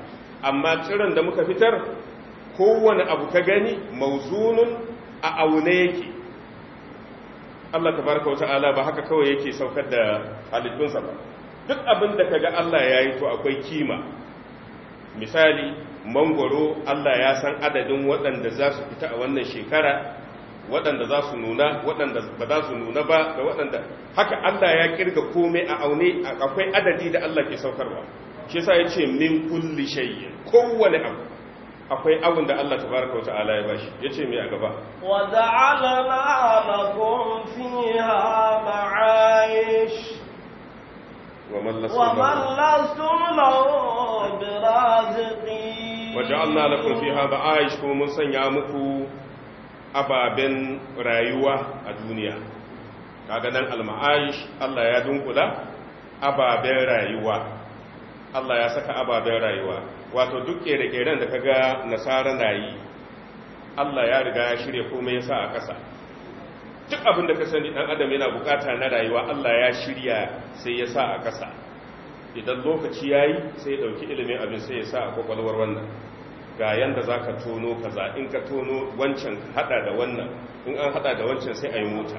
amma tsiran da muka fitar kowane abu ka gani mawzunun a aune yake Allah wata ala ba haka kawai yake saukar da halittunsa ba duk abin da kaga Allah ya yi to akwai kima misali mangoro Allah ya san adadin waɗanda za su fita a wannan shekara waɗanda za su nuna waɗanda ba za su nuna ba da waɗanda haka Allah ya kirga komai a aune akwai adadi da Allah ke saukarwa shi yasa ce min kulli shay'in kowane abu akwai abin da Allah tabaraka wa ta'ala ya bashi ya ce me a gaba wa ja'alna lakum fiha ma'ayish wa man lastum lahu biraziqin wa ja'alna lakum fiha ma'ayish kuma mun sanya muku ababen rayuwa a duniya kaga nan al-ma'ayish Allah ya dunkula ababen rayuwa Allah ya saka ababen rayuwa wato duk kere-keren da kaga nasara na yi Allah ya riga ya shirya komai ya sa a ƙasa duk abin da ka sani dan adam yana bukata na rayuwa Allah ya shirya sai ya sa a ƙasa idan lokaci ya yi sai ya ɗauki ilimin abin sai ya sa a kwakwalwar wannan ga yanda za ka tono kaza in ka tono wancan haɗa da wannan in an haɗa da wancan sai a yi mota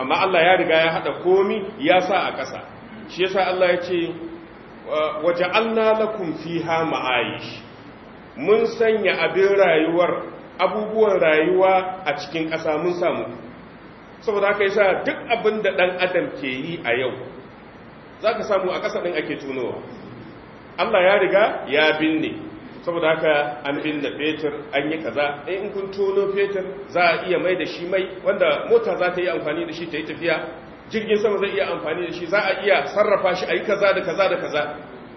amma Allah ya riga ya haɗa komi ya sa a ƙasa shi yasa Allah ya ce waja'alna lakum fiha ma'ayish mun sanya abin rayuwar abubuwan rayuwa a cikin ƙasa mun samu saboda haka yasa duk abin da dan adam ke yi a yau zaka samu a ƙasa din ake tunowa Allah ya riga ya binne saboda haka an binne fetur an yi kaza in kun tono fetur za a iya mai da shi mai wanda mota za ta yi amfani da shi ta yi tafiya jirgin sama zai iya amfani da shi za a iya sarrafa shi a yi kaza da kaza da kaza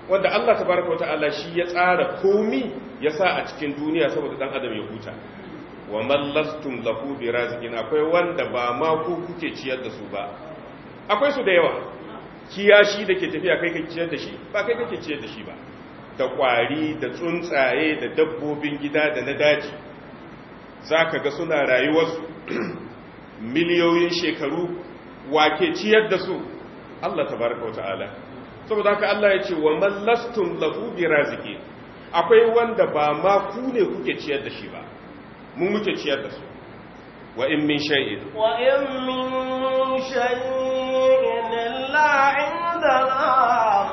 wanda Allah Ta baraka wata Allah shi ya tsara komi ya sa a cikin duniya saboda dan adam ya huta wa mallastum lahu bi raziqin akwai wanda ba ma ku kuke ciyar da su ba akwai su da yawa kiyashi da ke tafiya kai kake ciyar da shi ba kai kake ciyar da shi ba da kwari da tsuntsaye da dabbobin gida da na daji zaka ga suna rayuwarsu miliyoyin shekaru wake ciyar da su Allah Ta Baraka wa ta'ala saboda haka Allah ya ce wa man lastum lahu raziki akwai wanda ba ma ku ne kuke ciyar da shi ba mu muke ciyar da su wa in min shay'in wa in min shay'in la inda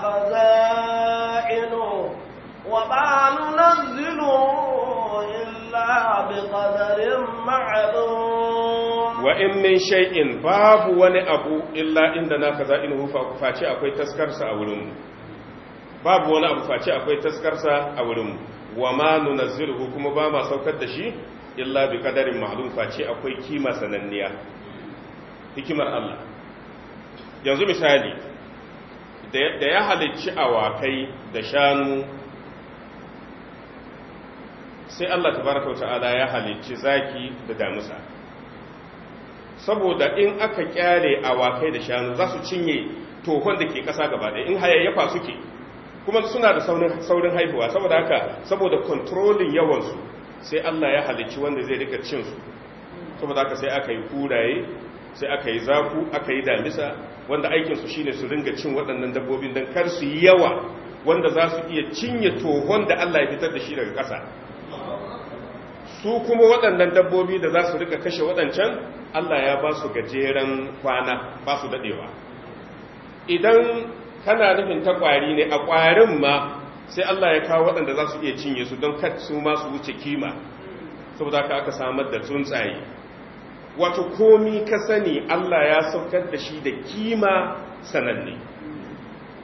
khaza'inu wa ma nunzilu illa qadarin ma'lum wa in min shay'in babu wani abu illa inda na kaza in hufa face akwai taskarsa a wurin mu babu wani abu face akwai taskarsa a wurin mu wa ma nunazzilu kuma ba ma saukar da shi illa bi qadarin ma'lum face akwai kima sananniya hikimar Allah yanzu misali da ya halicci awakai da shanu sai Allah tabaraka wa ta'ala ya halicci zaki da damusa saboda in aka kyale wakai da shanu za su cinye tohon da ke ƙasa gaba da in hayayyafa suke kuma suna da saurin haihuwa saboda haka saboda kontrolin yawansu sai Allah ya halicci wanda zai rika cinsu saboda haka sai aka yi kuraye sai aka yi zaku aka yi damisa wanda aikinsu shine su ringa cin waɗannan dabbobin don kar su yi yawa wanda za su iya cinye tohon da Allah ya fitar da shi daga ƙasa su kuma waɗannan dabbobi da za su rika kashe waɗancan Allah ya ba su gajeren kwana ba su dadewa idan kana nufin ta kwari ne a kwarin ma sai Allah ya kawo waɗanda za su iya cinye su don kat su ma su wuce kima saboda ka aka samar da tsuntsaye wato komi ka sani Allah ya saukar da shi da kima sananne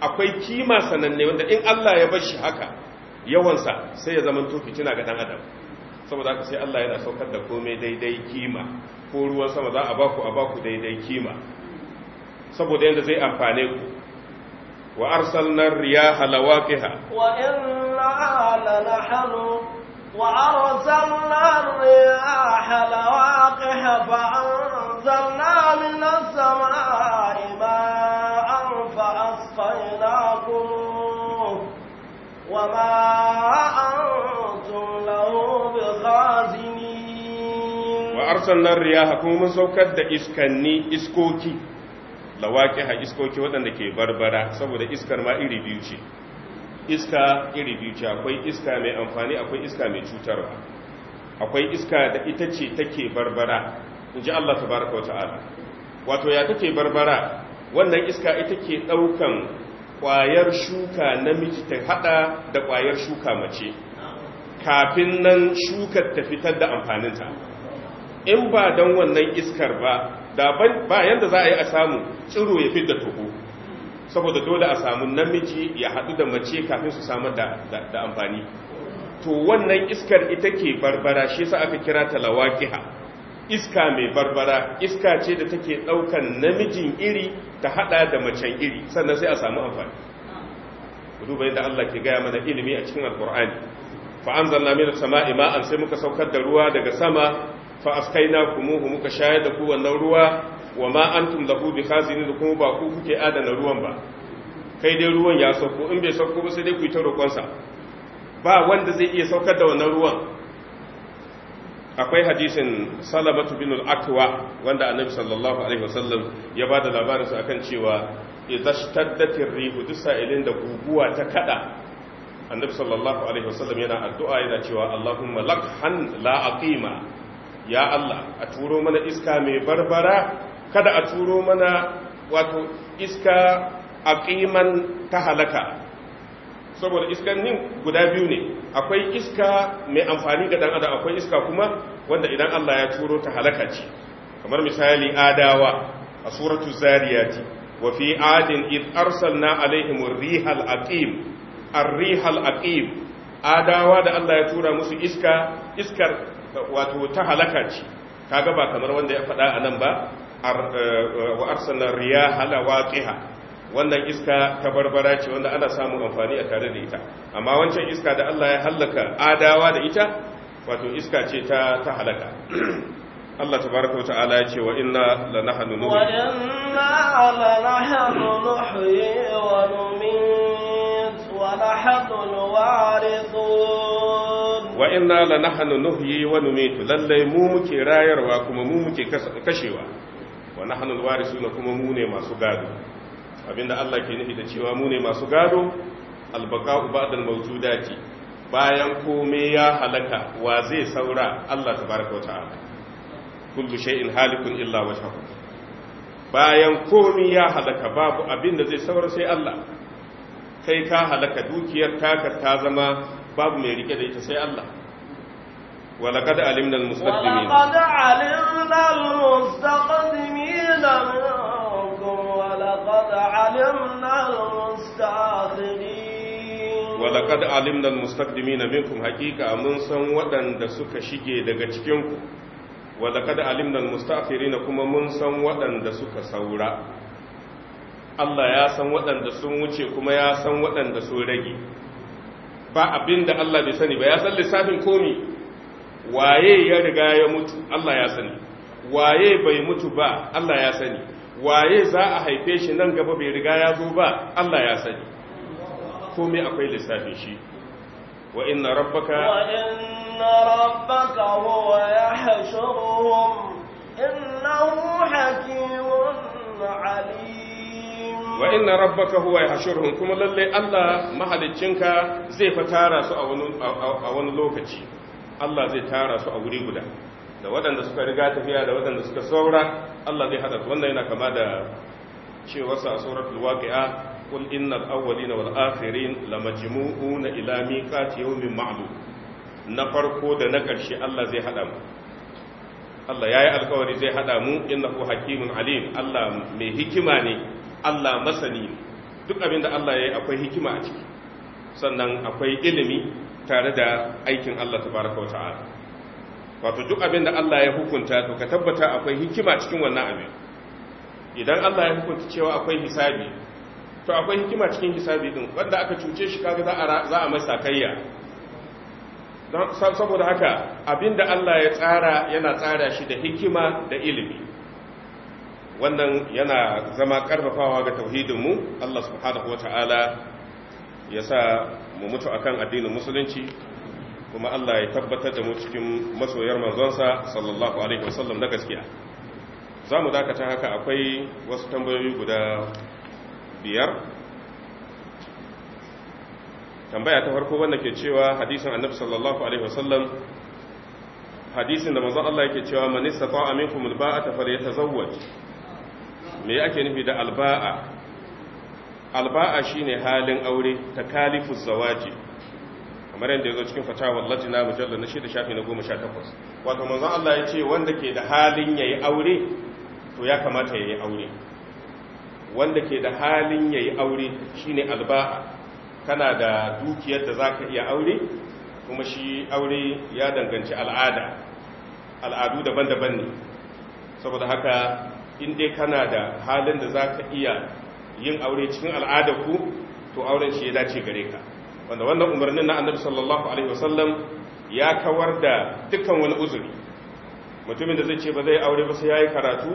akwai kima sananne wanda in Allah ya bar shi haka yawansa sai ya zama to fitina ga dan adam saboda haka sai Allah yana saukar da komai daidai kima ko ruwan sama za a baku a baku daidai kima saboda yadda zai amfane ku wa arsalna riyaha lawaqiha wa inna lanahnu wa arsalna riyaha lawaqiha fa anzalna minas samaa'i ma'an fa asqaynakum wa ma arsalnar riyaha kuma mun saukar da iskanni iskoki lawaki ha iskoki waɗanda ke barbara saboda iskar ma iri biyu ce iska iri biyu ce akwai iska mai amfani akwai iska mai cutarwa akwai iska da ita ce take barbara in ji Allah tabaraka wa ta'ala wato ya take barbara wannan iska ita ke ɗaukan kwayar shuka namiji ta haɗa da kwayar shuka mace kafin nan shukar ta fitar da amfaninta in ba don wannan iskar ba da ba yadda za a yi a samu tsiro ya fi da toho saboda dole a samu namiji ya haɗu da mace kafin su samu da amfani to wannan iskar ita ke barbara shi sa aka kira ta lawaqiha iska mai barbara iska ce da take ɗaukan namijin iri ta haɗa da macen iri sannan sai a samu amfani duba yadda Allah ke gaya mana ilimi a cikin alkur'ani fa zanna minas sama'i ma'an sai muka saukar da ruwa daga sama fa askaina kumuhu muka shayar da ku wannan ruwa wa ma antum lahu bi khazinin da kuma ba ku kuke adana ruwan ba kai dai ruwan ya sauko in bai sauko ba sai dai ku yi ta ba wanda zai iya saukar da wannan ruwan akwai hadisin salamatu bin al-akwa wanda annabi sallallahu alaihi wasallam ya bada labarin sa akan cewa idza shtaddatir rihu duk da guguwa ta kada annabi sallallahu alaihi wasallam yana addu'a yana cewa allahumma lakhan la aqima ya Allah a turo mana iska mai barbara kada a turo mana wato iska aqiman ta halaka saboda iskan nin guda biyu ne akwai iska mai amfani ga dan ada akwai iska kuma wanda idan Allah ya turo ta halaka ce kamar misali adawa a suratu zariyati wa fi adin it arsalna alaihimu rihal aqim ar-rihal aqim adawa da Allah ya tura musu iska iskar wato ta halaka ce kaga ba kamar wanda ya faɗa a nan ba eh, eh, wa arsalar riyaha waqiha wannan iska ta barbara ce wanda ana samun amfani a tare da ita amma wancan iska da Allah ya halaka adawa da ita wato iska ce ta ta halaka Allah tabaraka wa ta'ala ya ce wa inna lanahnu nuhyi wa inna lanahnu nuhyi wa نحن الوارثون وإنا لنحن نحيي ونميت للي مو مكي راير وكما مو كشوا ونحن الوارثون كما مو ne masu gado abinda Allah ke nufi da cewa mu ne masu gado bayan komai ya halaka wa zai saura Allah tabaraka wata'ala kullu shay'in halikun illa bayan komai ya halaka babu abinda zai saura sai Allah kai ka halaka dukiyar taka ta zama babu mai rike da ita sai Allah walaqad alimna almustaqdimin walaqad alimna almustaqdimin walaqad alimna almustaqdimin walaqad alimna almustaqdimin minkum haqiqa mun san wadanda suka shige daga cikin ku walaqad alimna almustaqirin kuma mun san wadanda suka saura Allah ya san waɗanda sun wuce kuma ya san waɗanda sun rage ba abin da Allah bai sani ba ya san lissafin komi waye ya riga ya mutu Allah ya sani waye bai mutu ba Allah ya sani waye za a haife shi nan gaba bai riga ya zo ba Allah ya sani komai akwai lissafin shi wa inna rabbaka wa inna rabbaka huwa yahshuruhum innahu hakimun alim wa inna rabbaka huwa yahshuruhum kuma lalle Allah mahaliccinka zai fa tara su a wani lokaci Allah zai tara su a wuri guda da waɗanda suka riga tafiya da waɗanda suka saura Allah zai hada wannan yana kama da cewa sa suratul waqi'a qul innal awwalina wal akhirin lamajmu'una ila miqati yawmin ma'lum na farko da na ƙarshe Allah zai hada mu Allah yayi alƙawari zai hada mu innahu hakimun alim Allah mai hikima ne Allah masani duk abin da Allah ya yi akwai hikima a ciki sannan akwai ilimi tare da aikin Allah Ta baraka wa ta'ala wato duk abin da Allah ya hukunta to ka tabbata akwai hikima cikin wannan abin idan Allah ya hukunta cewa akwai hisabi to akwai hikima cikin hisabi din wanda aka cuce shi kaga za a mai sakayya saboda haka abinda Allah ya tsara yana tsara shi da hikima da ilimi wannan yana zama karfafawa ga tauhidinmu Allah subhanahu wata'ala ya sa mu mutu akan addinin musulunci kuma Allah ya tabbatar da mu cikin masoyar manzonsa sallallahu alaihi wasallam na gaskiya za mu dakata haka akwai wasu tambayoyi guda biyar tambaya ta farko wanda ke cewa hadisin annabi sallallahu alaihi wasallam hadisin da manzon Allah yake cewa man istata'a minkum fa falyatazawwaj me ake nufi da alba'a alba'a shine halin aure ta kalifus zawaji kamar yadda ya zo cikin fatawar latina mujallar na shida shafi na goma sha takwas wato manzon Allah ya ce wanda ke da halin ya yi aure to ya kamata ya yi aure wanda ke da halin ya yi aure shine alba'a kana da dukiyar da za ka iya aure kuma shi aure ya danganci al'ada al'adu daban-daban ne saboda haka in dai kana da halin da za ka iya yin aure cikin al'adar ku to auren shi ya dace gare ka wanda wannan umarnin na annabi sallallahu alaihi wasallam ya kawar da dukkan wani uzuri mutumin da zai ce ba zai aure ba sai yi karatu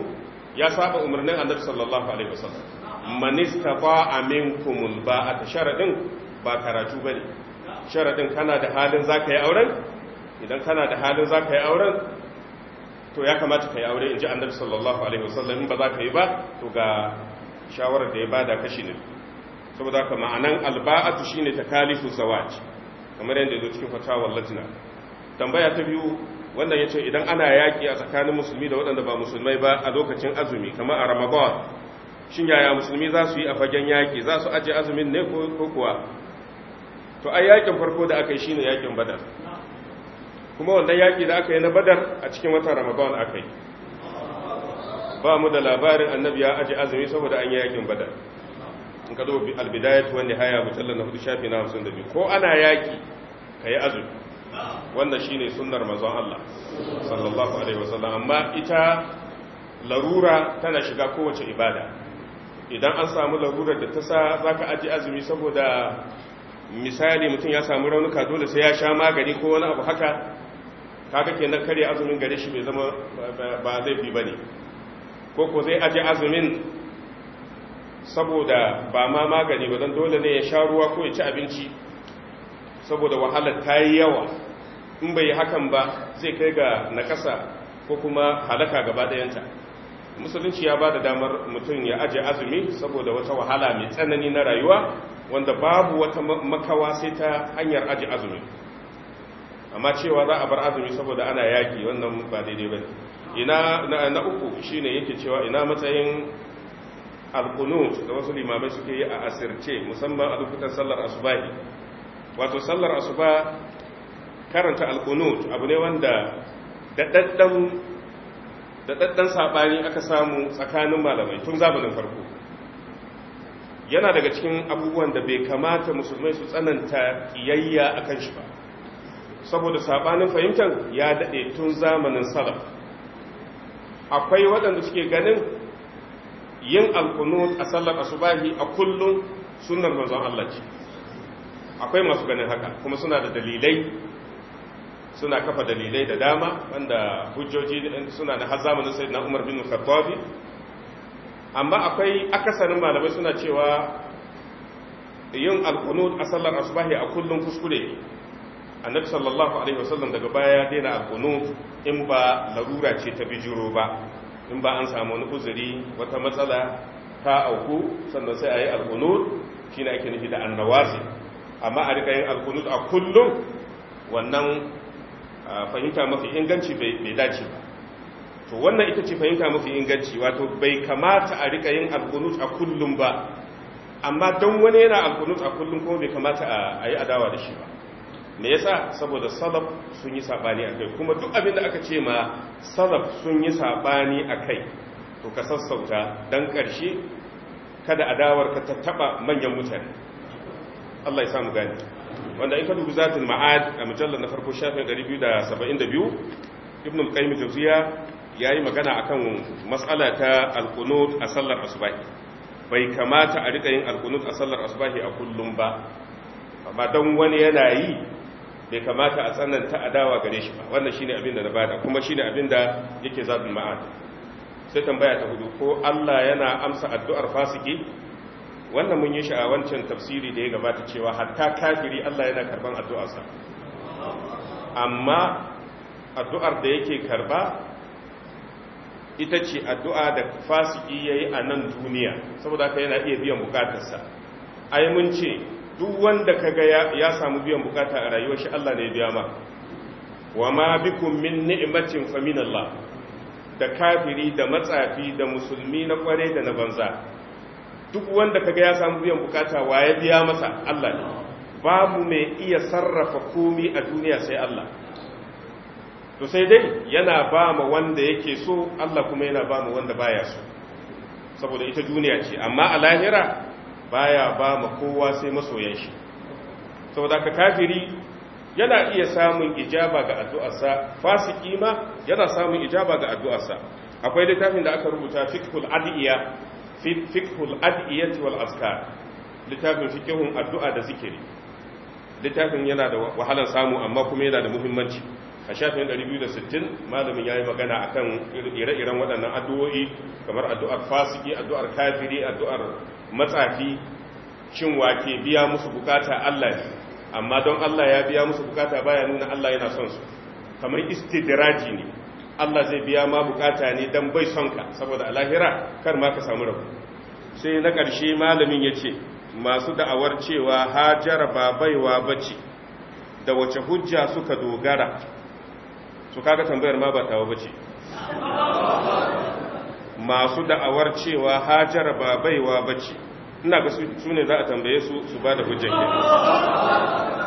ya saba umarnin annabi sallallahu alaihi wasallam ba istata'a minkum ba'ata sharadin ba karatu bane sharadin kana da halin zaka yi auren idan kana da halin zaka yi auren to ya kamata ka yi aure in ji annabi sallallahu alaihi wasallam ba za ka yi ba to ga shawarar da ya bada kashi ne saboda haka ma'anan alba'atu shine takalifu zawaj kamar yadda yake cikin fatawar latina tambaya ta biyu wanda yace idan ana yaki a tsakanin musulmi da waɗanda ba musulmai ba a lokacin azumi kamar a ramadan shin yaya musulmi za su yi a fagen yaki za su aje azumin ne ko kuwa to ai yakin farko da aka yi shine yakin badar kuma wannan yaƙi da aka yi na badar a cikin watan ramadan aka yi ba mu da labarin annabi ya aji azumi saboda an yi yaƙin badar in ka zo albidayat wani haya mutallar na hudu shafi na hamsin da biyu ko ana yaƙi ka yi azumi wannan shi ne sunnar mazan Allah sallallahu alaihi wasallam amma ita larura tana shiga kowace ibada idan an samu larurar da ta sa za ka aji azumi saboda misali mutum ya samu raunuka dole sai ya sha magani ko wani abu haka kaga kenan kare azumin gare shi bai zama ba zai bi bane ko ko zai aje azumin saboda ba ma magani ba dan dole ne ya sha ruwa ko ya ci abinci saboda wahalar ta yi yawa in bai hakan ba zai kai ga nakasa ko kuma halaka gaba dayanta musulunci ya ba da damar mutum ya aje azumi saboda wata wahala mai tsanani na rayuwa wanda babu wata makawa sai ta hanyar aje azumi amma cewa za a bar azumi saboda ana yaki wannan ba daidai ba ina na uku shine yake cewa ina matsayin alqunut da wasu limamai suke yi a asirce musamman a lokutan sallar asubahi wato sallar asuba karanta alqunut abu ne wanda dadaddan saɓani sabani aka samu tsakanin malamai tun zamanin farko yana daga cikin abubuwan da bai kamata musulmai su tsananta kiyayya akan shi ba saboda sabanin fahimtar ya daɗe tun zamanin salaf akwai waɗanda suke ganin yin alkunut a sallar asubahi a kullum sunnar manzon Allah ce akwai masu ganin haka kuma suna da dalilai suna kafa dalilai da dama wanda hujjoji suna da har zamanin na Umar bin khattabi amma akwai akasarin malamai suna cewa yin alkunut a sallar asubahi a kullum kuskure annabi sallallahu alaihi wasallam daga baya ya daina alqunut in ba larura ce ta bijiro ba in ba an samu wani uzuri wata matsala ta auku sannan sai ayi alqunut shine ake nufi da annawasi amma a rika yin alqunut a kullum wannan fahimta mafi inganci bai dace ba to wannan ita ce fahimta mafi inganci wato bai kamata a rika yin alqunut a kullum ba amma don wani yana alkunut a kullum kuma bai kamata a yi adawa da shi ba me yasa saboda salaf sun yi sabani akai kuma duk abin da aka ce ma salaf sun yi sabani akai to ka sassauta dan karshe kada adawar ka tattaba manyan mutane Allah ya samu gani wanda in ka dubi zatul ma'ad a mujallar na farko shafin 272 ibn al-qayyim jawziya yayi magana akan mas'ala ta al-qunut a sallar asubahi bai kamata a rika yin al-qunut a sallar asubahi a kullum ba amma dan wani yana yi bai kamata a tsananta adawa gare shi ba wannan shine abin da na bada kuma shine abin da yake zabin ma'ad sai tambaya ta hudu ko Allah yana amsa addu'ar fasiki wannan mun yi shi a wancan tafsiri da ya gabata cewa hatta kafiri Allah yana karban addu'arsa amma addu'ar da yake karba ita ce addu'a da fasiki yayi a nan duniya saboda haka yana iya biyan bukatarsa ai mun ce duk wanda kaga ya samu biyan bukata a rayuwar shi Allah ne ya biya ma wa ma bikum min ni'matin fa min Allah da kafiri da matsafi da musulmi na kware da na banza duk wanda kaga ya samu biyan bukata wa ya biya masa Allah ne babu mai iya sarrafa komi a duniya sai Allah to sai dai yana ba ma wanda yake so Allah kuma yana ba mu wanda baya so saboda ita duniya ce amma a lahira baya ba ma kowa sai masoyan shi saboda kafiri yana iya samun ijaba ga addu'arsa fasiki ma yana samun ijaba ga addu'arsa akwai littafin da aka rubuta fiqhul adiya fiqhul adiyati wal azkar littafin fiqhun addu'a da zikiri littafin yana da wahalar samu amma kuma yana da muhimmanci a shafin 260 malamin ya yi magana akan ire-iren waɗannan addu'o'i kamar addu'ar fasiki addu'ar kafiri addu'ar matsafi cin wake biya musu bukata Allah ne amma don Allah ya biya musu bukata baya nuna Allah yana son su kamar istidraji ne Allah zai biya ma bukata ne dan bai son ka saboda alahira kar ma ka samu rabu sai na ƙarshe malamin ya ce masu da'awar cewa hajar ba baiwa bace da wace hujja suka dogara su kaga tambayar ma ba tawo bace masu da'awar cewa hajar ba baiwa bace ina ga su ne za a tambaye su su ba da hujjar